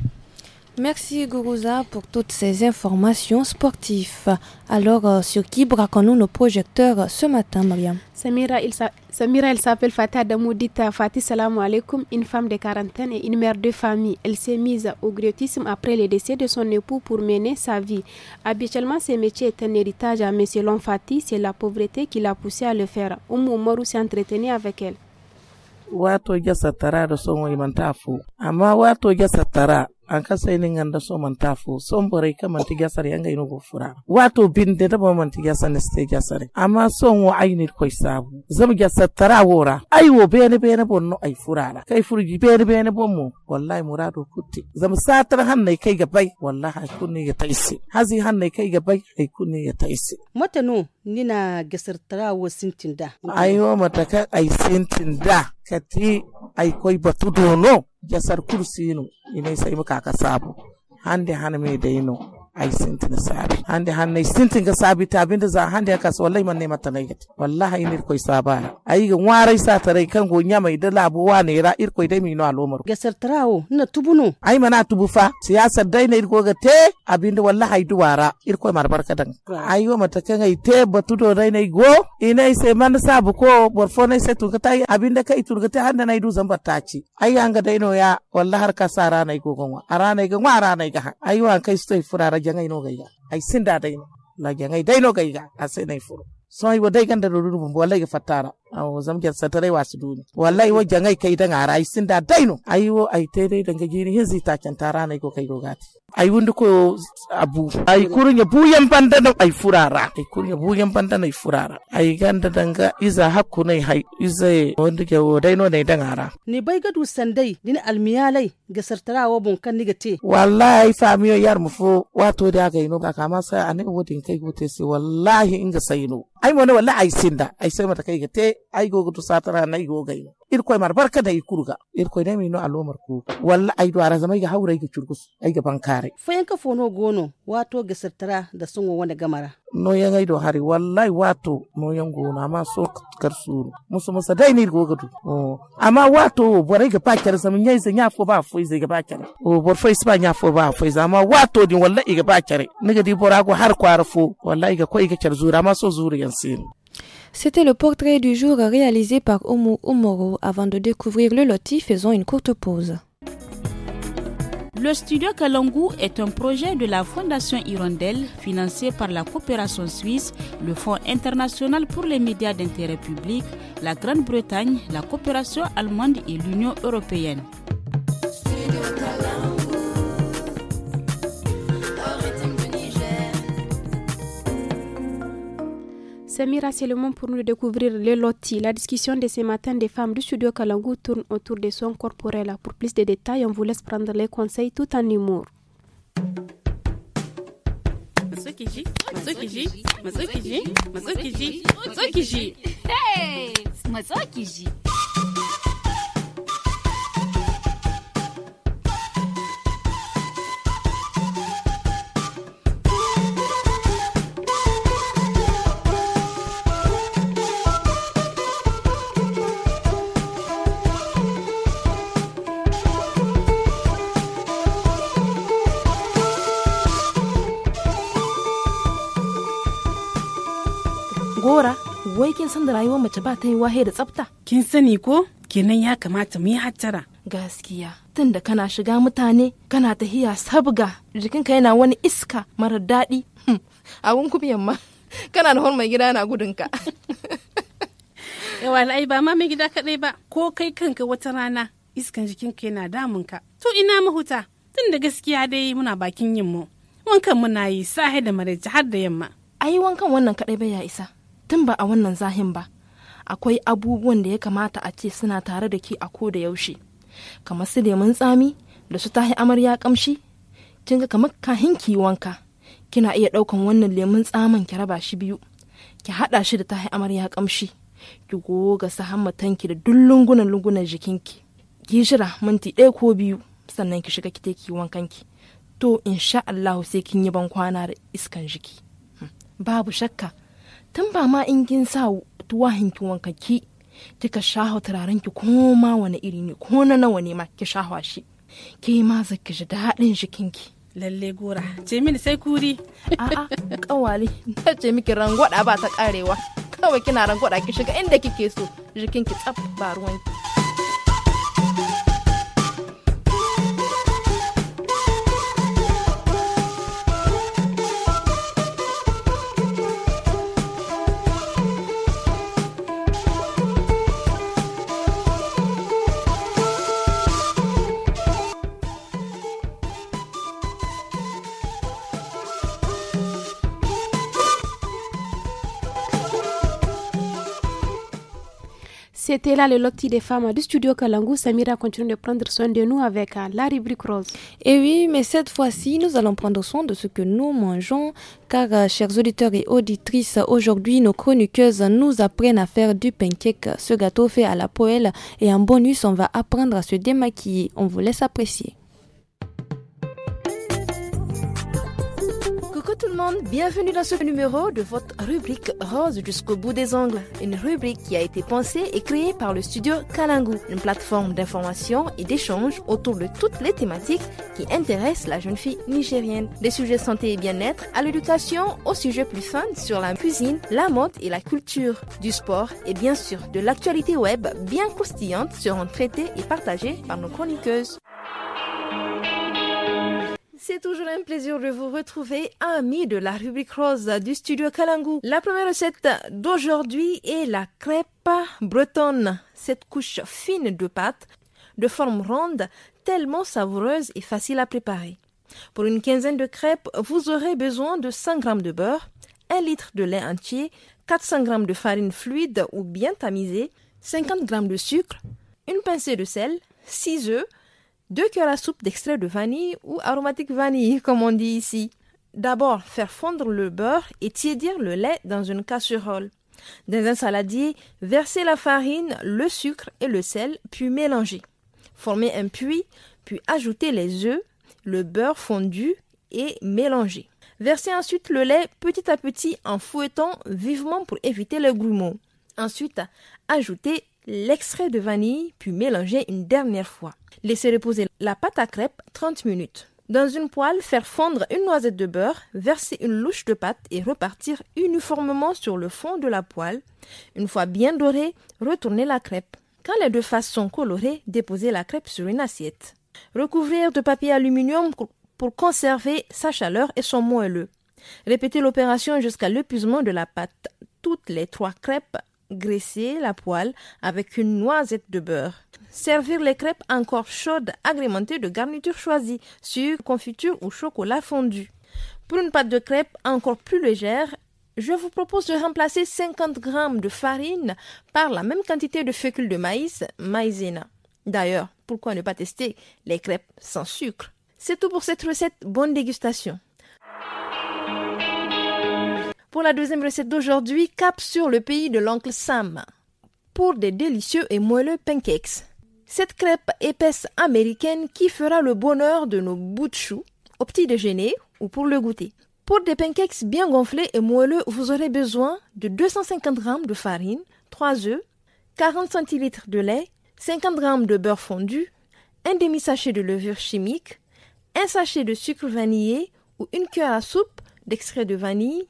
Merci Gourouza pour toutes ces informations sportives. Alors, euh, sur qui braquons-nous nos projecteurs ce matin, Mariam Samira, elle s'appelle Fatah Damoudita Fatih Salam Alaikum, une femme de quarantaine et une mère de famille. Elle s'est mise au griotisme après le décès de son époux pour mener sa vie. Habituellement, ce métier est un héritage, mais selon Fatih, c'est la pauvreté qui l'a poussé à le faire. Oumou Morou s'est entretenue avec elle. yi nin ganda so man tafu son borai ka man tiga sare anga ino go fura wato bin de da man tiga sane ste ga sare amma son wo aini ko sabu zam ga satara wora ai wo bene bene bonno ai la. kai furji bene bene bonmo wallahi murado kutti zam satar hanne kai ga bai wallahi kunni ya taisi hazi hanne kai ga bai kai kunni ya taisi matanu nina gasartara wo sintinda ayo mataka ai sintinda kati aikoy batu dono jasar kursino inay sai maka ka sabu hande hanme deino ai sintin sabi hande hanne sintin ga sabi ta binda za hande ka so wallahi man ne mata na yati wallahi ne koi saba ai ga warai sa tarai kan go nya mai da labu wa ne ra ir koi dai mi no alomar ga sartrawo na tubuno ai mana tubu fa Siyasa dai ne ko ga te abinda wallahi duwara ir koi mar barka dan ai wa mata kan ai te batu do dai ne go ina sai man sabu ko borfo ne sai tuga tai abinda kai ga te hande na idu zambar ta ci ai an ga dai no ya wallahi har ka sara ranai go gonwa a ranai ga wa ranai ga ai wa kai sai furara jangayno gayga hay sinda dayno la jangay dayno gayga a senay furo so ay wadai ganda do dum wallay ga o zamger satare wasu duni wallahi wo jangai kai dan ara ai sinda daino ai wo ai tede danga gini hinzi ta kan tara nai ko kai gogati ai wundu ko abu ai ya buyan banda na ai furara ai ya buyan banda na ai furara ai ganda danga iza hakku nai hai iza wanda ke wo daino nai dangara ni bai gadu sandai din almiyalai ga sartarawa bun kan ni gate wallahi famiyo yar mu fo wato da ga ino kaka ma sai anai wodin kai gote sai wallahi inga sai no ai mo ne wallahi ai sinda ai sai mata kai gate gogo to satara na igogayno irkoy mar barka i kurga irkoy dami no alomar ku walla do ara zama ga haurai ga churgus ai ga bankare fayan ka fono gono wato ga sirtara da sunwo wanda gamara no yan ay do hari wallahi wato no yan gono amma so kar suru musu musa dai ni gogo to amma wato bore ga pakar sama nyai sa ya fo ba fo zai ga pakar o bor fo isba nya fo ba fo zama wato din wallahi ga ne ga di bora ko har kwara fo wallahi ga ko ga kar zura amma so zuri yan C'était le portrait du jour réalisé par Omo Omoro avant de découvrir le loti, faisons une courte pause. Le studio Kalangu est un projet de la Fondation Hirondelle financé par la coopération suisse, le Fonds international pour les médias d'intérêt public, la Grande-Bretagne, la coopération allemande et l'Union européenne. Samira, c'est le pour nous découvrir le loti. La discussion de ce matin des femmes du studio Kalangu tourne autour des soins corporels. Pour plus de détails, on vous laisse prendre les conseils tout en humour. Hey wai kin san da rayuwar mace ba ta yi wahe da tsafta kin sani ko kenan ya kamata mu yi hattara gaskiya tun da kana shiga mutane kana tahiya sabga jikinka yana wani iska mara daɗi hmm. abun kuma yamma kana da hormon gida na gudunka yawa ai ba ma mai gida kaɗai ba ko kai kanka wata rana iskan jikinka yana damunka to ina mahuta tun da gaskiya dai muna bakin yin mu wankan muna yi sahi da mara har da yamma ai wankan wannan kaɗai ba ya isa tun ba a wannan zahin ba akwai abubuwan da ya kamata a ce suna tare da ki a ko da yaushe kamar su lemun tsami da su tahi amarya kamshi kin ga kamar kahin ki wanka kina iya ɗaukan wannan lemun tsaman ki raba shi biyu ki haɗa shi da tahi amarya kamshi ki goga hammatanki da duk lungunan lungunan jikinki ki jira minti ɗaya ko biyu sannan ki shiga kite ki wankanki to insha Allah sai kin yi ban kwana da iskan jiki hmm, babu shakka tun ba ma in kin sa tuwahin ki wankaki kika shaho turaren ki ko ma wani iri ne ko na nawa ne ma ki shaho shi ke ma zaki ji daɗin ki lalle gora ce mini sai kuri a'a kawali, na ce miki rangwada ba ta karewa kawai kina rangwada ki shiga inda kike so jikin ki tsaf ba ruwanki c'était là le loti des femmes du studio Kalangu. Samira continue de prendre soin de nous avec euh, la rubrique rose. Et eh oui, mais cette fois-ci, nous allons prendre soin de ce que nous mangeons, car, euh, chers auditeurs et auditrices, aujourd'hui, nos chroniqueuses nous apprennent à faire du pancake, ce gâteau fait à la poêle, et en bonus, on va apprendre à se démaquiller. On vous laisse apprécier. tout le monde, bienvenue dans ce numéro de votre rubrique Rose jusqu'au bout des ongles, une rubrique qui a été pensée et créée par le studio Kalangu, une plateforme d'information et d'échange autour de toutes les thématiques qui intéressent la jeune fille nigérienne, des sujets santé et bien-être à l'éducation, aux sujets plus fun sur la cuisine, la mode et la culture, du sport et bien sûr de l'actualité web bien croustillante seront traités et partagés par nos chroniqueuses. C'est toujours un plaisir de vous retrouver, amis de la rubrique rose du studio Kalangu. La première recette d'aujourd'hui est la crêpe bretonne. Cette couche fine de pâte, de forme ronde, tellement savoureuse et facile à préparer. Pour une quinzaine de crêpes, vous aurez besoin de 100 g de beurre, 1 litre de lait entier, 400 g de farine fluide ou bien tamisée, 50 g de sucre, une pincée de sel, 6 œufs, deux cuillères à soupe d'extrait de vanille ou aromatique vanille, comme on dit ici. D'abord, faire fondre le beurre et tiédir le lait dans une casserole. Dans un saladier, verser la farine, le sucre et le sel, puis mélanger. Former un puits, puis ajouter les œufs, le beurre fondu et mélanger. Verser ensuite le lait petit à petit en fouettant vivement pour éviter le grumeau. Ensuite, ajouter l'extrait de vanille, puis mélanger une dernière fois. Laissez reposer la pâte à crêpes 30 minutes. Dans une poêle, faire fondre une noisette de beurre, verser une louche de pâte et repartir uniformément sur le fond de la poêle. Une fois bien dorée, retourner la crêpe. Quand les deux faces sont colorées, déposez la crêpe sur une assiette. Recouvrir de papier aluminium pour conserver sa chaleur et son moelleux. Répétez l'opération jusqu'à l'épuisement de la pâte. Toutes les trois crêpes graisser la poêle avec une noisette de beurre. Servir les crêpes encore chaudes agrémentées de garnitures choisies, sucre, confiture ou chocolat fondu. Pour une pâte de crêpes encore plus légère, je vous propose de remplacer 50 g de farine par la même quantité de fécule de maïs, maïzena. D'ailleurs, pourquoi ne pas tester les crêpes sans sucre C'est tout pour cette recette. Bonne dégustation. Pour la deuxième recette d'aujourd'hui, cap sur le pays de l'oncle Sam pour des délicieux et moelleux pancakes. Cette crêpe épaisse américaine qui fera le bonheur de nos bouts de choux au petit déjeuner ou pour le goûter. Pour des pancakes bien gonflés et moelleux, vous aurez besoin de 250 g de farine, 3 œufs, 40 cl de lait, 50 g de beurre fondu, un demi-sachet de levure chimique, un sachet de sucre vanillé ou une cuillère à soupe d'extrait de vanille,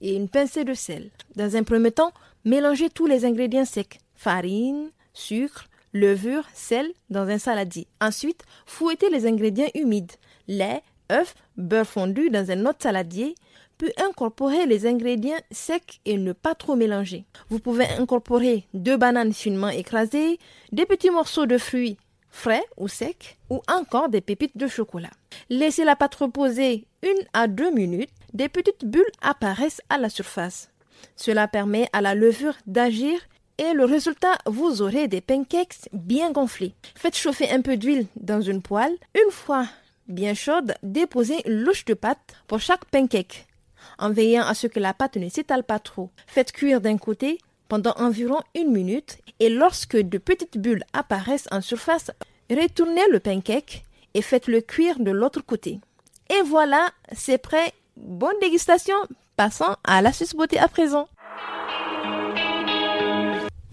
et une pincée de sel. Dans un premier temps, mélangez tous les ingrédients secs, farine, sucre, levure, sel dans un saladier. Ensuite, fouettez les ingrédients humides, lait, œufs, beurre fondu dans un autre saladier, puis incorporer les ingrédients secs et ne pas trop mélanger. Vous pouvez incorporer deux bananes finement écrasées, des petits morceaux de fruits frais ou secs, ou encore des pépites de chocolat. Laissez la pâte reposer une à deux minutes des petites bulles apparaissent à la surface. Cela permet à la levure d'agir et le résultat, vous aurez des pancakes bien gonflés. Faites chauffer un peu d'huile dans une poêle. Une fois bien chaude, déposez une louche de pâte pour chaque pancake, en veillant à ce que la pâte ne s'étale pas trop. Faites cuire d'un côté pendant environ une minute et lorsque de petites bulles apparaissent en surface, retournez le pancake et faites-le cuire de l'autre côté. Et voilà, c'est prêt Bonne dégustation, passons à la l'astuce beauté à présent.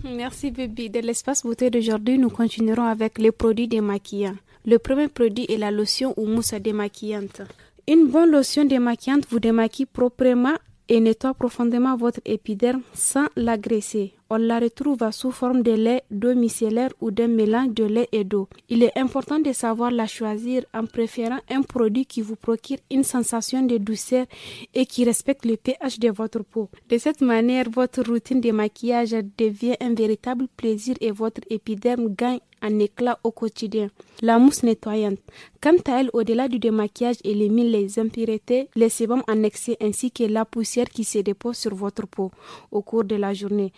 Merci bébé, De l'espace beauté d'aujourd'hui, nous continuerons avec les produits démaquillants. Le premier produit est la lotion ou mousse démaquillante. Une bonne lotion démaquillante vous démaquille proprement et nettoie profondément votre épiderme sans l'agresser on la retrouve sous forme de lait micellaire ou d'un mélange de lait et d'eau. Il est important de savoir la choisir en préférant un produit qui vous procure une sensation de douceur et qui respecte le pH de votre peau. De cette manière, votre routine de maquillage devient un véritable plaisir et votre épiderme gagne en éclat au quotidien. La mousse nettoyante. Quant à elle, au-delà du démaquillage, élimine les impuretés, les sébums en excès ainsi que la poussière qui se dépose sur votre peau au cours de la journée.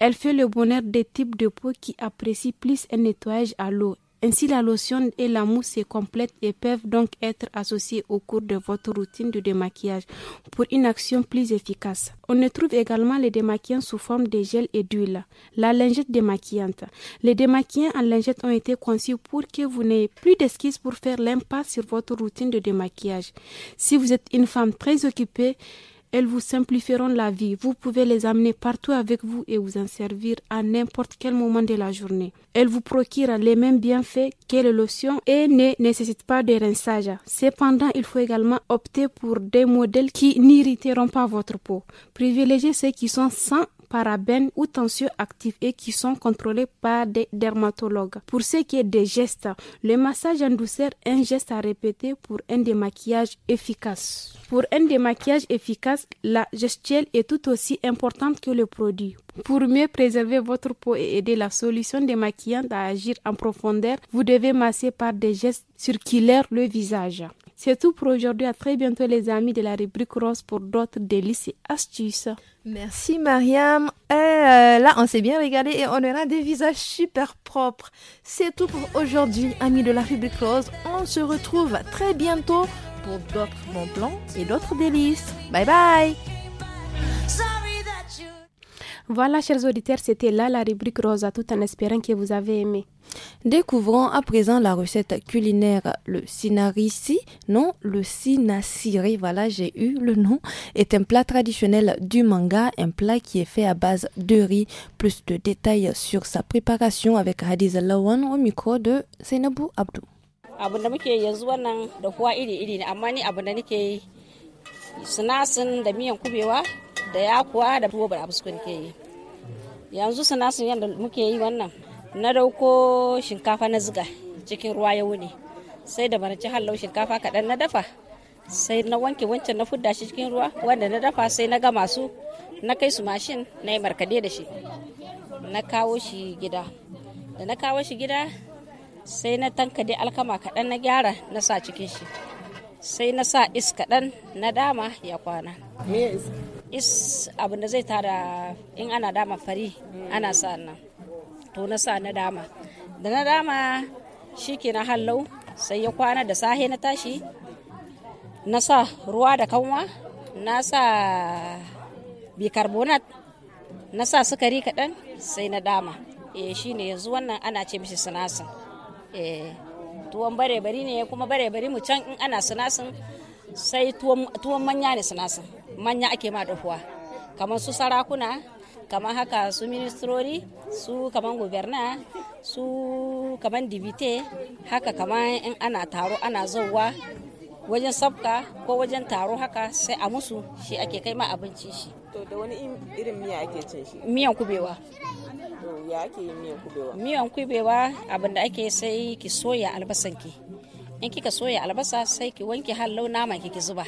Elle fait le bonheur des types de peau qui apprécient plus un nettoyage à l'eau. Ainsi, la lotion et la mousse se complètent et peuvent donc être associées au cours de votre routine de démaquillage pour une action plus efficace. On ne trouve également les démaquillants sous forme de gel et d'huile. La lingette démaquillante. Les démaquillants en lingette ont été conçus pour que vous n'ayez plus d'esquisse pour faire l'impasse sur votre routine de démaquillage. Si vous êtes une femme très occupée, elles vous simplifieront la vie. Vous pouvez les amener partout avec vous et vous en servir à n'importe quel moment de la journée. Elles vous procurent les mêmes bienfaits que les lotions et ne nécessitent pas de rinçage. Cependant, il faut également opter pour des modèles qui n'irriteront pas votre peau. Privilégiez ceux qui sont sans parabènes ou actifs et qui sont contrôlés par des dermatologues. Pour ce qui est des gestes, le massage en douceur est un geste à répéter pour un démaquillage efficace. Pour un démaquillage efficace, la gestuelle est tout aussi importante que le produit. Pour mieux préserver votre peau et aider la solution démaquillante à agir en profondeur, vous devez masser par des gestes circulaires le visage. C'est tout pour aujourd'hui. À très bientôt, les amis de la rubrique Rose, pour d'autres délices et astuces. Merci, Mariam. Eh, euh, là, on s'est bien régalé et on aura des visages super propres. C'est tout pour aujourd'hui, amis de la rubrique Rose. On se retrouve très bientôt pour d'autres bons plans et d'autres délices. Bye bye! Voilà, chers auditeurs, c'était là la rubrique Rosa, tout en espérant que vous avez aimé. Découvrons à présent la recette culinaire, le sinari-si, non, le sinassiri, voilà, j'ai eu le nom, est un plat traditionnel du manga, un plat qui est fait à base de riz. Plus de détails sur sa préparation avec Hadiza Lawan au micro de Senabu Abdou. da yakuwa da tuwo burabusko ke yi yanzu sun yadda muke yi wannan na dauko shinkafa na ziga cikin ruwa ya wuni sai da ci hallau shinkafa kaɗan na dafa sai na wanke wancan na fudda shi cikin ruwa wanda na dafa sai na gama su na kai su mashin na yi markade da shi na kawo shi gida da na kawo shi gida sai na tankade alkama kaɗan na gyara na sa cikin shi sai na sa is kaɗan na dama ya kwana is abin da zai tara in ana dama fari ana sa nan to na sa na dama da na dama shi ke na hallau sai ya kwana da sahe na tashi na sa ruwa da kanwa na sa bicarbonate na sa sukari kaɗan sai na dama e shi ne yanzu wannan ana ce mishi sinasin e tuwon bare bari ne kuma bare bari mu can in ana sinasin sai tuwon manya ne san manya ake ma dafuwa kamar su sarakuna kamar haka su ministrori su kamar guberna su kamar dibite haka kamar in ana taro ana zauwa wajen sabka ko wajen taro haka sai a musu shi ake kai ma abinci shi to da wani irin miya ake cin shi miyan kubewa ya ake yin miyan kubewa miyan kubewa abin da ake sai ki soya albasanki in kika soya albasa sai ki wanke hallau naman ki zuba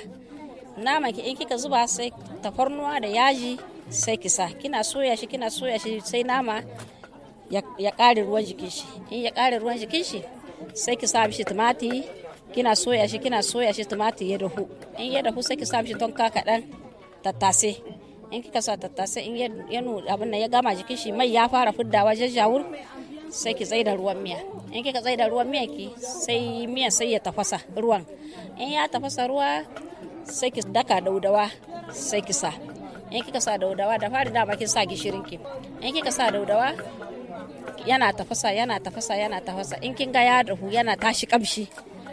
naman ki in kika zuba sai tafarnuwa da yaji sai ki sa kina soya shi kina soya shi sai nama ya ƙare ruwan jikin shi in ya ƙare ruwan jikin shi sai ki sa mishi tumati. kina soya shi kina soya shi tumati ya dahu in ya dahu sai ki sa mishi tonka kadan tattase in kika sa tattase in ya abin nan ya gama jikin shi mai ya fara fuddawa jajjawur sai ki tsaida ruwan miya in kika tsaida ruwan miya ki sai miya sai ya tafasa ruwan in ya tafasa ruwa sai ki daka daudawa sai ki sa in kika sa daudawa da fari dama kin sa gishirin ki in kika sa daudawa yana tafasa yana tafasa yana tafasa in kin ga ya dahu yana tashi kamshi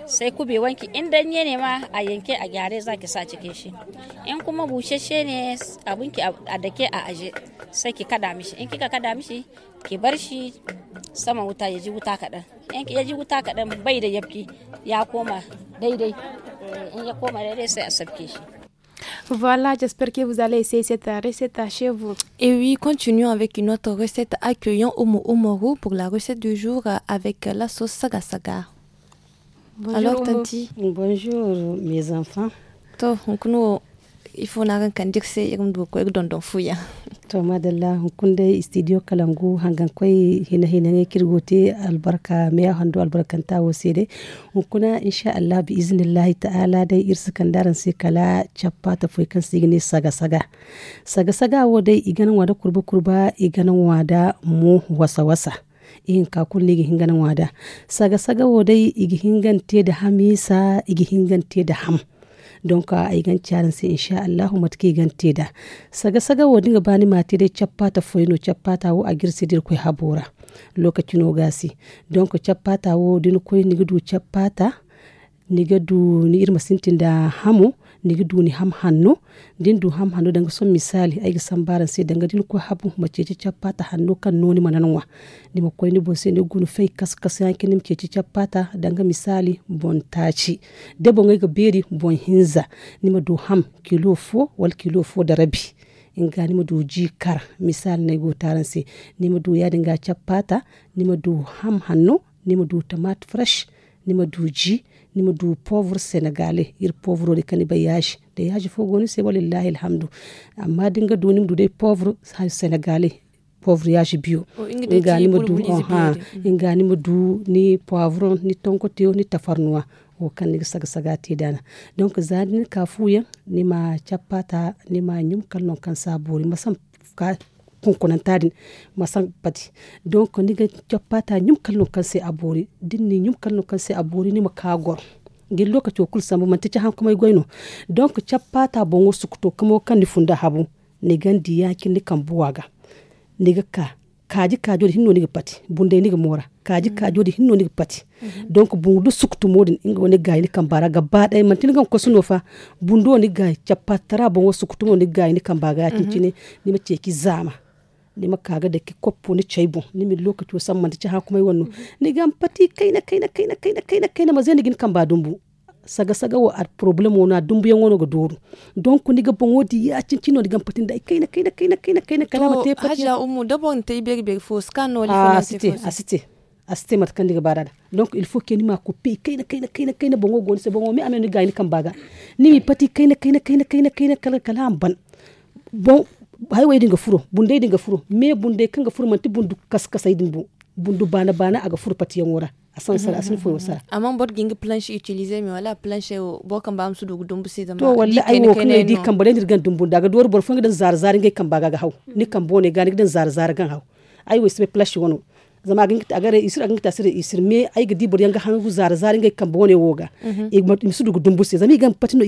sai wanki. in danye ne ma a yanke a gyare za ki sa cikin shi in kuma bushashe ne abinki a dake a aje sai ki kada mishi in kika kada mishi Voilà, j'espère que vous allez essayer cette recette chez vous. Et oui, continuons avec une autre recette accueillant Omo Omoru pour la recette du jour euh, avec la sauce saga saga. Bonjour, Alors, Bonjour, mes enfants. donc nous. ifo na kan kan dikse yagum du ko don don fuya to madalla kun dai studio kalangu hangan koy hina hina ne kirgote albarka me hando albarkanta wosede kuna insha Allah bi iznillahi ta'ala dai irsu kan daran sai kala chappa ta foi kan signi saga saga saga saga wo dai iganan wada kurba kurba iganan wada mu wasa wasa in ka kulli gi ganin wada saga saga wo dai igihin gante da hamisa igihin gante da ham don ka ay gan charan se insha Allah matki gan da saga saga wa dinga bani mati de chapata foino chapata wo girsi dir ko habora lokaci no gasi ka chapata wo din ko ni gudu chapata ni gudu ni irma sintin da hamu nigi duni ham hannu din du ham hannu danga son misali ay san baran sai danga din ko habu mace ci chapata hannu kan noni mananwa ni mo koyni bo sai ni gunu fay kas kas yanki nim ce ci chapata danga misali bon tachi de bo bon ga beri bon hinza ni ma du ham kilo fo wal kilo fo da rabi inga nima du ji kar misali ne go taransi ni nima du yadi nga chapata nima du ham hannu nima du tomato fresh ni nima du ji nima du pauvre sénégalais ir pauvre ri kani ba yaji da yaji fo goni se walillahi alhamdu amma dinga du nima du dai pauvre sénégalais pauvre yaji bio inga nima du ha inga nima du ni poivron ni tonko teo ni tafarnuwa o kan ni saga saga te dana donc zadin kafuya ma chapata ma nyum kan non kan sabori masam ka kunkunantadin masan pati donc niga chapata nyum kalno kanse abori dinni nyum kalno kanse abori ni makagor gel lokaci okul sambu manti chahan kuma goyno donc chapata bongo sukuto kuma kan funda habu nigandi yakin ni buwaga niga ka kaji kajodi hinno niga pati bunde niga mora kaji mm. kajodi hinno niga pati mm-hmm. donc bundu suktu modin inga woni gayi ni kambara gaba day man tiniga ko suno fa ni woni gayi chapatara bongo suktu woni gayi ni kambaga ya cincini ni mm-hmm. ma ceki zama lima kaga da ke ni chaibu ni mi lokaci wa samman da ha kuma wannan ni gan pati kayna kayna kayna kayna kayna kayna ma zeni gin kan ba dumbu saga saga wo at problem wona dumbu yan wono ga donc ni ga bon wodi ya cin cino ni gan kayna kayna kayna kayna kayna kala ma te pati haja umu da bon te ber ber fo scan li fo na cité cité a cité mat kan diga barada donc il faut que ni ma couper kayna kayna kayna kaina bongo goni se bongo mi amenu ga ni kan baga ni mi pati kayna kayna kayna kayna kayna kala kala ban bon hay way dinga furo bunde me bunde kanga furo manti bundu bundu bana bana aga furo pati yangora asan sara asan furo sara mm-hmm. bot ginga planche utiliser mais wala planche la kan ba amsu dumbu di fanga zar zar ngay ga haw ni zar zar gan haw planche wono zama agin à isir isir me ay gidi bor zar zar woga e patino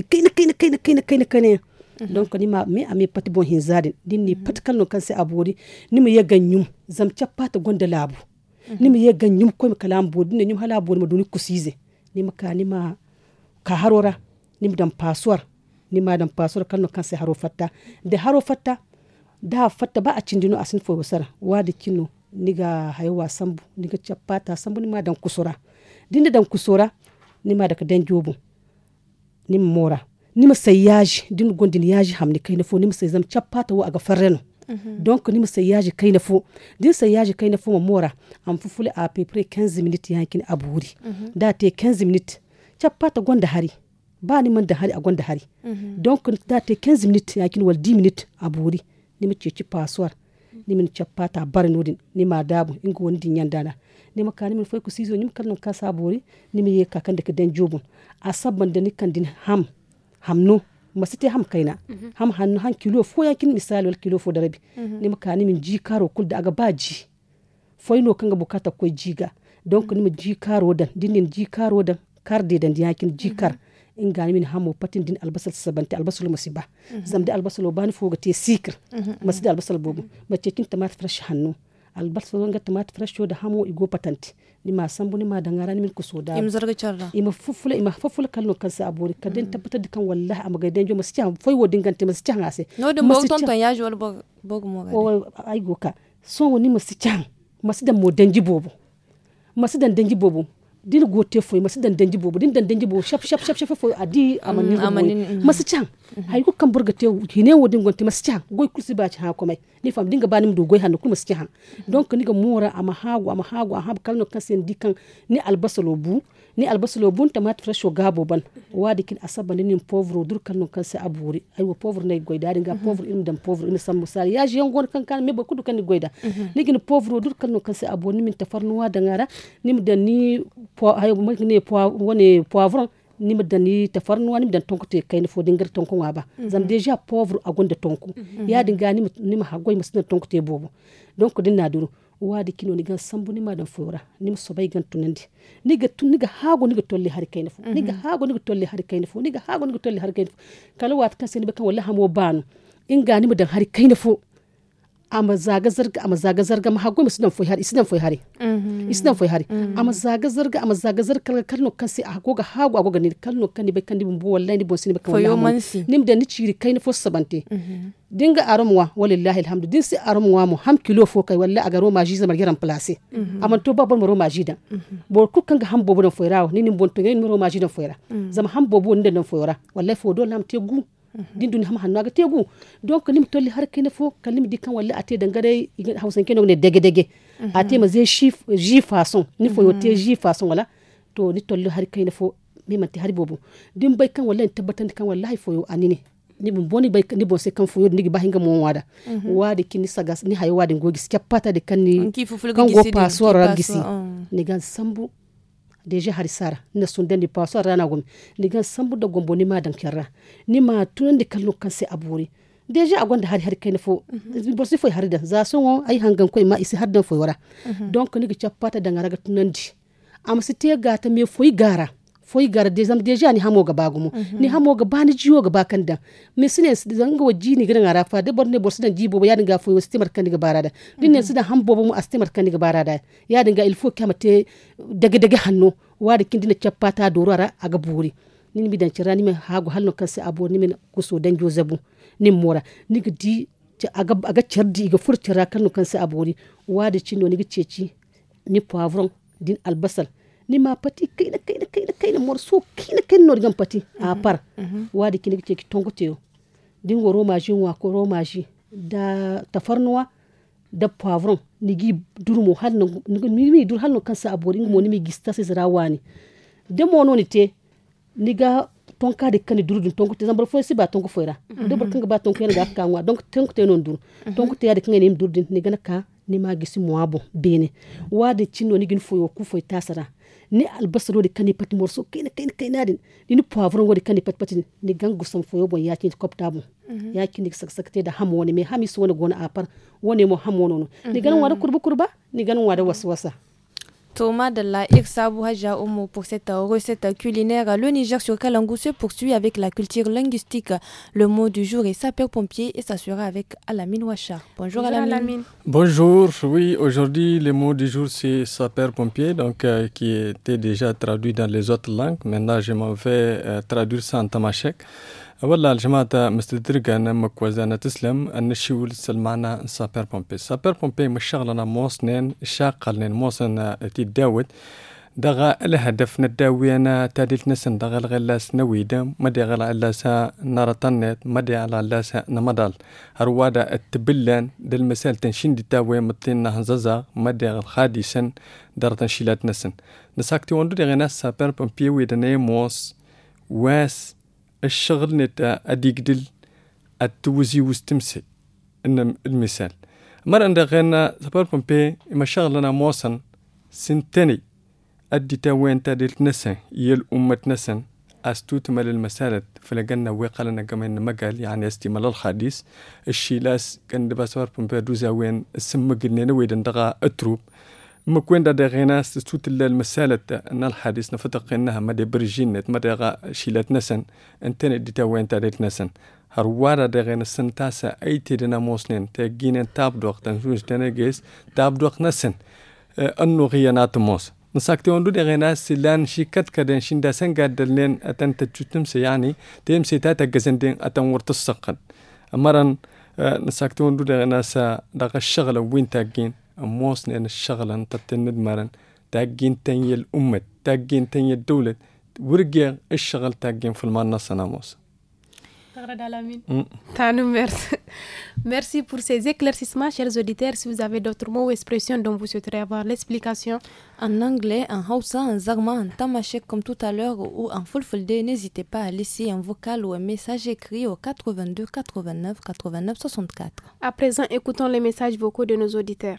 Mhm. donc ni ma mi ami pati bon hin zari din ni mhm. pati kalno kan sai abori ni mi ye ganyum zam pata gonda labu ni mi mhm. ye ganyum ko mi kalam bodi ni nyum hala bodi ma duni kusize ni ma ka ni ma ka harora ni mi dan pasuwar ni ma dan pasuwar kalno kan sai haro fatta da haro fatta da fatta ba a cindino asin fo wasara wadi kino ga hayawa sambu ni niga pata sambu ni ma dan kusura dinda dan kusura ni ma daga dan jobu ni mora nima sai yaji din gondin yaji hamni kai na fo nima sai zam chappata wo aga farreno mm donc nima sai yaji kai na fo din sai yaji kai na fo ma mora am fufule a peu près 15 minutes yankin aburi mhm. da te 15 minutes chappata gonda hari ba ni man da hari a gonda hari mhm. donc da te 15 minutes yankin wal 10 minutes aburi nima ceci passoir nimin chappata barin nima dabu ingo wani din yandana nima ka nimin foi ko sizo nim kan ka ni mi ye kakan da ka den jobun a sabban da kan din ham hamnu masite ham kaina ham hannu han kilo fo kin misali wal kilo fo darabi mhm. ni maka ni min ji karo kul da aga baji foyno kanga bukata ko jiga donc min mhm. ji karo dan din ji karo dan kar de dan yakin ji mhm. kar in gani min hamo patin din albasal sabanti albasal masiba zamdi albasal bani fo te sikr masidi albasal bobu mace kin tamat fresh hannu albasa zonga tomate fresh yo da hamo go patanti nima sambu ma dangara nimin kuso da im zarga charra im fufula im fufula kan sa abori den mm. tabbatar da kan wallahi amma gaidan jo masu chan foi wodin gante masu chan ase no da mo tonton ya jo bog bog mo ga o ai ka so woni masu chan masu da mo danji bobo masu dan danji bobo din gote foi masu dan danji chap chap dan chap bobo shaf foi adi amani amani mm-hmm. masu mm-hmm. hay ko burga te hine wodin gonte masu can goy kulsi ba ha ni fam dinga banim do goy hanu kuma masu mm-hmm. donc ni ga ama hago ama hago bu ni albasa lo bunta mat fresh gabo ban wadi kin asaba ni nin pauvre dur kan kan sa aburi ay wo pauvre nay goida ga pauvre in dan pauvre in sam musal ya je ngon kan kan me bakudu kan ni goida mhm. ni gin pauvre dur kan kan se aburi ni min tafarnuwa dangara ni mi dan ni po mo ni po woni poivron nima ni tafarnuwa nima dan tonko te kayna fo dingar tonko wa ba mhm. zam deja pauvre agonde tonko di mhm. ga ya dinga nima goy hagoy masna tonko te bobo donc na duru waadikiino nigan sambuni maɗen foyora nima sobayi gan tunandi niga niga haago niga tolle hari kayne ni mhm. niga haago niga tolle hari kayne fo niga haago niga tolli hari kayne fo kala waati kan be kan hamo nima hari amazagazarga amazagazarga mahago misidan foi hari isidan foi hari isidan mhm. foi hari mhm. amazagazarga amazagazarga kalga kalno kasi agoga hago agoga ni kalno kani bai kandi bumbu wallahi ni bonsi ni be kalno mansi nim da ni ciri kai ni fo sabante mhm. dinga aramwa walillahi alhamdu din si aramwa mu ham kilo fo kai wallahi agaro maji zamar yaran place aman to babon maro maji dan bo ku kanga ham bobo dan rawa, ni nim bonto to ngi maro dan foyi ra. zama ham bobo ni dan ra wallahi fo do lam te gu din dun hamahan naga tegu donc nim tolli har kene fo kalim dikan walla ate dangare hausan kene ne dege dege mhm. ate ma ze shif ji façon ni fo te mhm. ji façon wala to ni tolli har kene fo mi manti har bobu din bai kan wallahi tabbatan kan wallahi fo yo anine ni bon boni bai ni bon se kan fo yo ni bahinga mo wada mhm. wada kini sagas ni hayo wada ngogi skapata de kan ni kan go pasoro gisi mm. ni gan sambu deja harisara na sunde ni paso rana gum ni gan sambu da gombo ni ma dan kerra ni ma tunan di kallo kan se aburi deja agonda har har kai fo mhm. borsi fo da za songo ai hangan koi ma isi hardan fo wara mhm. donc ni ga chapata da ngaraga tunan di am si te gata me fo gara foi garde zam deja ni hamo ga bagumo mm -hmm. ni hamo ga bani jiwo ga bakan da misine zanga waji ni gidan arafa da borne borsu dan jibo ya dinga foi wastimar kan ga barada dinne mm -hmm. sudan hambo mu astimar kan ga barada ya dinga ilfo kamate daga daga hanno wadi kin dina chappata dorara aga buri Ni mi dan cirani me hago halno kanse abo ni min kuso dan jozabu ni mora ni gidi aga aga cardi iga furcira kanno kanse abori wadi cinno ni gicheci ni poivron din albasal ni ma pati kaina kaina kaina kaina morso kina ken no digam pati a mhm. par mhm. wadi kine ke ki tongo teo dingo romaji wa ko romaji da tafarnuwa da poivron nigi durmo hal no mi dur hal no kansa abori ni mi gista se rawani de mono ni te niga tonka de kani duru dun tonko te zambar fo si ba tonko foira mhm. de bar ba tonko yana ga kanwa donc tonko te non dur tonko te de kanga ni duru dun ni gana ka ni ma gisi mo abo bene wade cinno ni gin ku tasara ni albasa wadi kani pati morso kaina kaina kaina din ni poivron wadi kani pati pati ni gangu sam foyo bon ya kin kopta bon mhm. ya kin dik sak sakte da ham woni me hamis wani woni gona apar woni mo ham wono ni mhm. gan wada kurba kurba ni gan wada waswasa Thomas de la Haja Omo pour cette recette culinaire. Le Niger sur Kalangou se poursuit avec la culture linguistique. Le mot du jour est sapeur-pompier et ça sera avec Alamine Ouachar. Bonjour, Alamine. Bonjour, oui, aujourd'hui le mot du jour c'est sapeur-pompier donc euh, qui était déjà traduit dans les autres langues. Maintenant je m'en vais euh, traduire ça en tamashek. والله الجماعة مستدرقة نمك وزانة تسلم أن الشيول معنا سابير بومبي سابير بومبي مش شغلنا موصنين الشاقة لنا موصن داود دغا الهدف نداوي أنا تاديت نسن دغا الغلاس نويدا مدي غلا علاسا نارا طنت مدي على علاسا نمدال هروادا التبلان دل مسال تنشين دي تاوي مطلين نهززا مدي غل خاديسا دار تنشيلات نسن نساكتي وندو دي غناس سابير بومبي ويدا موس واس الشغل نتا أديك دل التوزي وستمسي إن المثال مر عند غيرنا سبار بومبي إما شغلنا موصن سنتني أدي تا تادل نسن يل أمة نسن أستوت مال المسالة فلقنا ويقالنا كمان مقال يعني استمال الحديث الشيلاس كان دبا سبار بومبي دوزا وين السمق نينا ويدن دغا أتروب ما كوين دادا غيناس تستوت المسالة ان الحديث نفتق انها مدى برجين دي غا شيلات نسن انتن دي تاوين تاريت نسن هروارا دا غينا سنتاسا اي تيدنا موسنين تاقين تاب دوق تنجوز تنجيس تاب نسن أه، انو غيانات موس نساكتي وندو دي غيناس سلان شيكات كدن شين دا سن قاد دلين اتن تجوتمسي يعني تيمسي تاتا دين اتن ورتصقن امرا أه، نساكتي وندو دا سا دا غشغل وين تاقين مرن الشغل في Merci pour ces éclaircissements, chers auditeurs. Si vous avez d'autres mots ou expressions dont vous souhaiterez avoir l'explication en anglais, en hausa, en zarma, en tamashek comme tout à l'heure ou en fulfulde, n'hésitez pas à laisser un vocal ou un message écrit au 82 89 89 64. À présent, écoutons les messages vocaux de nos auditeurs.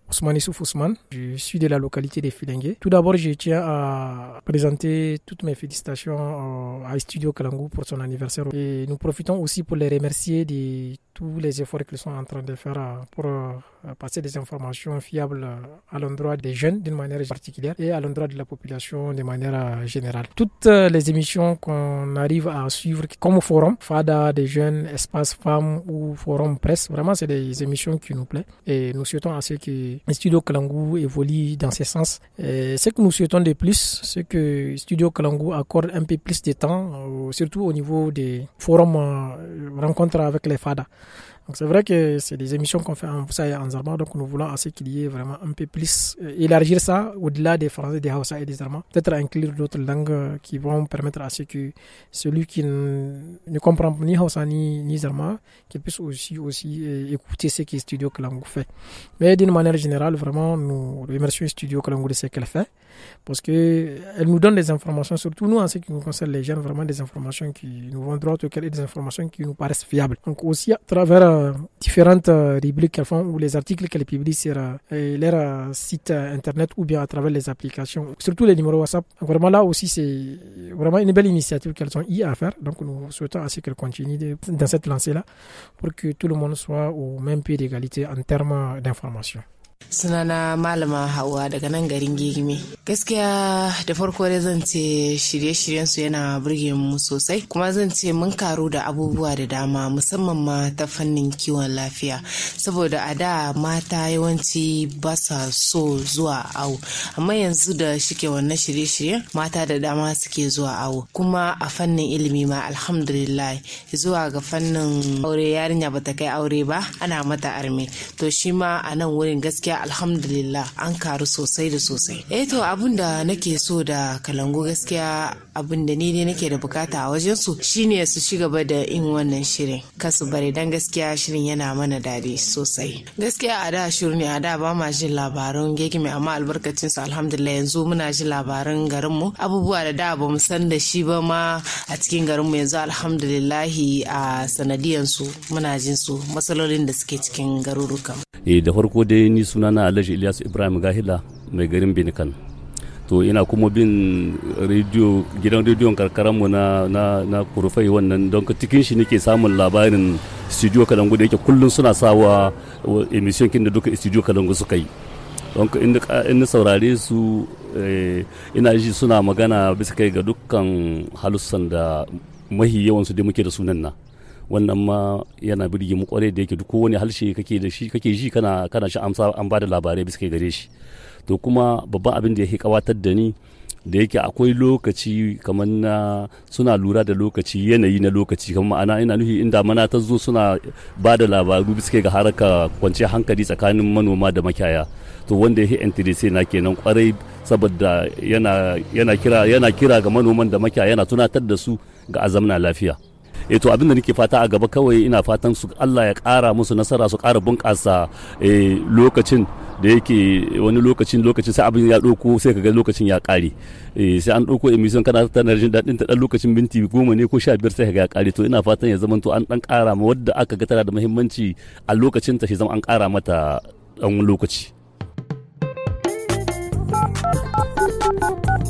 Ousmane Issouf Ousmane. Je suis de la localité des Filingués. Tout d'abord, je tiens à présenter toutes mes félicitations euh, à Studio Kalangu pour son anniversaire. Et nous profitons aussi pour les remercier de tous les efforts qu'ils sont en train de faire euh, pour euh, passer des informations fiables à l'endroit des jeunes d'une manière particulière et à l'endroit de la population de manière générale. Toutes les émissions qu'on arrive à suivre comme forum, FADA des jeunes, Espace Femmes ou Forum Presse, vraiment c'est des émissions qui nous plaisent et nous souhaitons à ceux qui Studio Kalangu évolue dans ce sens. Euh, ce que nous souhaitons de plus, c'est que Studio Kalangu accorde un peu plus de temps, euh, surtout au niveau des forums, euh, rencontres avec les FADA. Donc c'est vrai que c'est des émissions qu'on fait en Hausa et en Zarma, donc nous voulons assez qu'il y ait vraiment un peu plus, euh, élargir ça au-delà des Français, des Hausa et des Zarma, peut-être inclure d'autres langues euh, qui vont permettre à ceux que celui qui ne comprend ni Hausa ni, Zarma, qu'il puisse aussi, aussi euh, écouter ce que Studio Kalangu fait. Mais d'une manière générale, vraiment, nous, remercions Studio que de ce qu'elle fait, parce qu'elle euh, nous donne des informations, surtout nous en ce qui nous concerne les jeunes, vraiment des informations qui nous vont droit au cœur des informations qui nous paraissent fiables. Donc aussi à travers euh, différentes euh, rubriques qu'elles font ou les articles qu'elles publient sur leur site internet ou bien à travers les applications, surtout les numéros WhatsApp. Donc vraiment là aussi c'est vraiment une belle initiative qu'elles ont eu à faire. Donc nous souhaitons aussi qu'elles continuent dans cette lancée-là pour que tout le monde soit au même pied d'égalité en termes d'informations. na malama hauwa daga nan garin gigime gaskiya da farko dai zan ce shirye-shiryen su yana burge mu sosai kuma zan ce mun karu da abubuwa da dama musamman ma ta fannin kiwon lafiya saboda a da mata yawanci ba sa so zuwa awo amma yanzu da shike wannan shirye-shiryen mata da dama suke zuwa awo kuma a fannin ilimi ma alhamdulillah zuwa ga fannin aure yarinya bata kai aure ba ana mata arme to shi ma a nan wurin gaskiya gaskiya alhamdulillah an karu sosai da sosai eh to abun da nake so da kalangu gaskiya abun da ni ne nake da bukata a wajen su shine su ci gaba da in wannan shirin kasu bare dan gaskiya shirin yana mana dadi sosai gaskiya a da shiru ne a da ba ma jin labarun gegime amma albarkacin su alhamdulillah yanzu muna jin labaran garin mu abubuwa da da ba mu san da shi ba ma a cikin garin mu yanzu alhamdulillah a sanadiyan su muna jin su matsalolin da suke cikin garurukan eh da farko dai ni su sunana alhaji ilyasu ibrahim gahila mai garin binikan to ina kuma bin rediyo gidan rediyon karkaranmu na na kurfai wannan don cikin shi nake samun labarin studio kalangu da yake kullum suna sawa emission kin da duka studio kalangu suka yi don in saurare su eh, ina ji suna magana bisa kai ga dukkan halussan da mahi su da muke da sunan na wannan ma yana birge mu kwarai da yake duk kowane harshe kake da shi kake ji kana kana shi amsa an bada labarai bisa gare shi to kuma babban abin da yake kawatar da ni da yake akwai lokaci kamar na suna lura da lokaci yanayi na lokaci kamar ma'ana ina nufi inda mana ta zo suna ba da labaru bisa ga haraka kwanciyar hankali tsakanin manoma da makiyaya to wanda ya interesse na kenan kwarai saboda yana kira ga manoman da makiyaya yana tunatar da su ga azamna lafiya e to abin da nake fata a gaba kawai ina fatan su Allah ya kara musu nasara su ƙara bunƙasa eh, lokacin da yake wani lokacin lokacin sai abin ya ɗauko sai kaga lokacin ya ƙare eh, sai an ɗauko emission kana na jin daɗin ta ɗan lokacin minti goma ne ko sha sai kaga ya ƙare to ina fatan ya zama to an ɗan kara ma wadda aka ga tana da muhimmanci a lokacin ta shi zama an kara mata ɗan lokaci.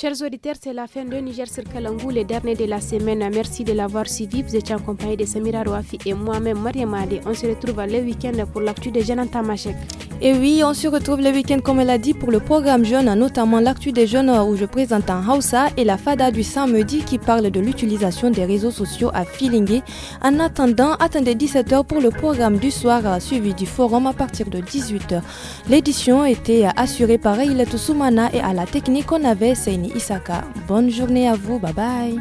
Chers auditeurs, c'est la fin de Niger sur Kalangou, le dernier de la semaine. Merci de l'avoir suivi. Vous étiez en compagnie de Samira Rouafi et moi-même, Mariam Ali. On se retrouve le week-end pour l'actu des jeunes Tamachek. Et oui, on se retrouve le week-end, comme elle a dit, pour le programme jeune, notamment l'actu des jeunes où je présente en Hausa et la Fada du samedi qui parle de l'utilisation des réseaux sociaux à Filingue. En attendant, attendez 17h pour le programme du soir euh, suivi du forum à partir de 18h. L'édition était assurée par Iletou Soumana et à la technique qu'on avait Seini Isaka. Bonne journée à vous, bye bye.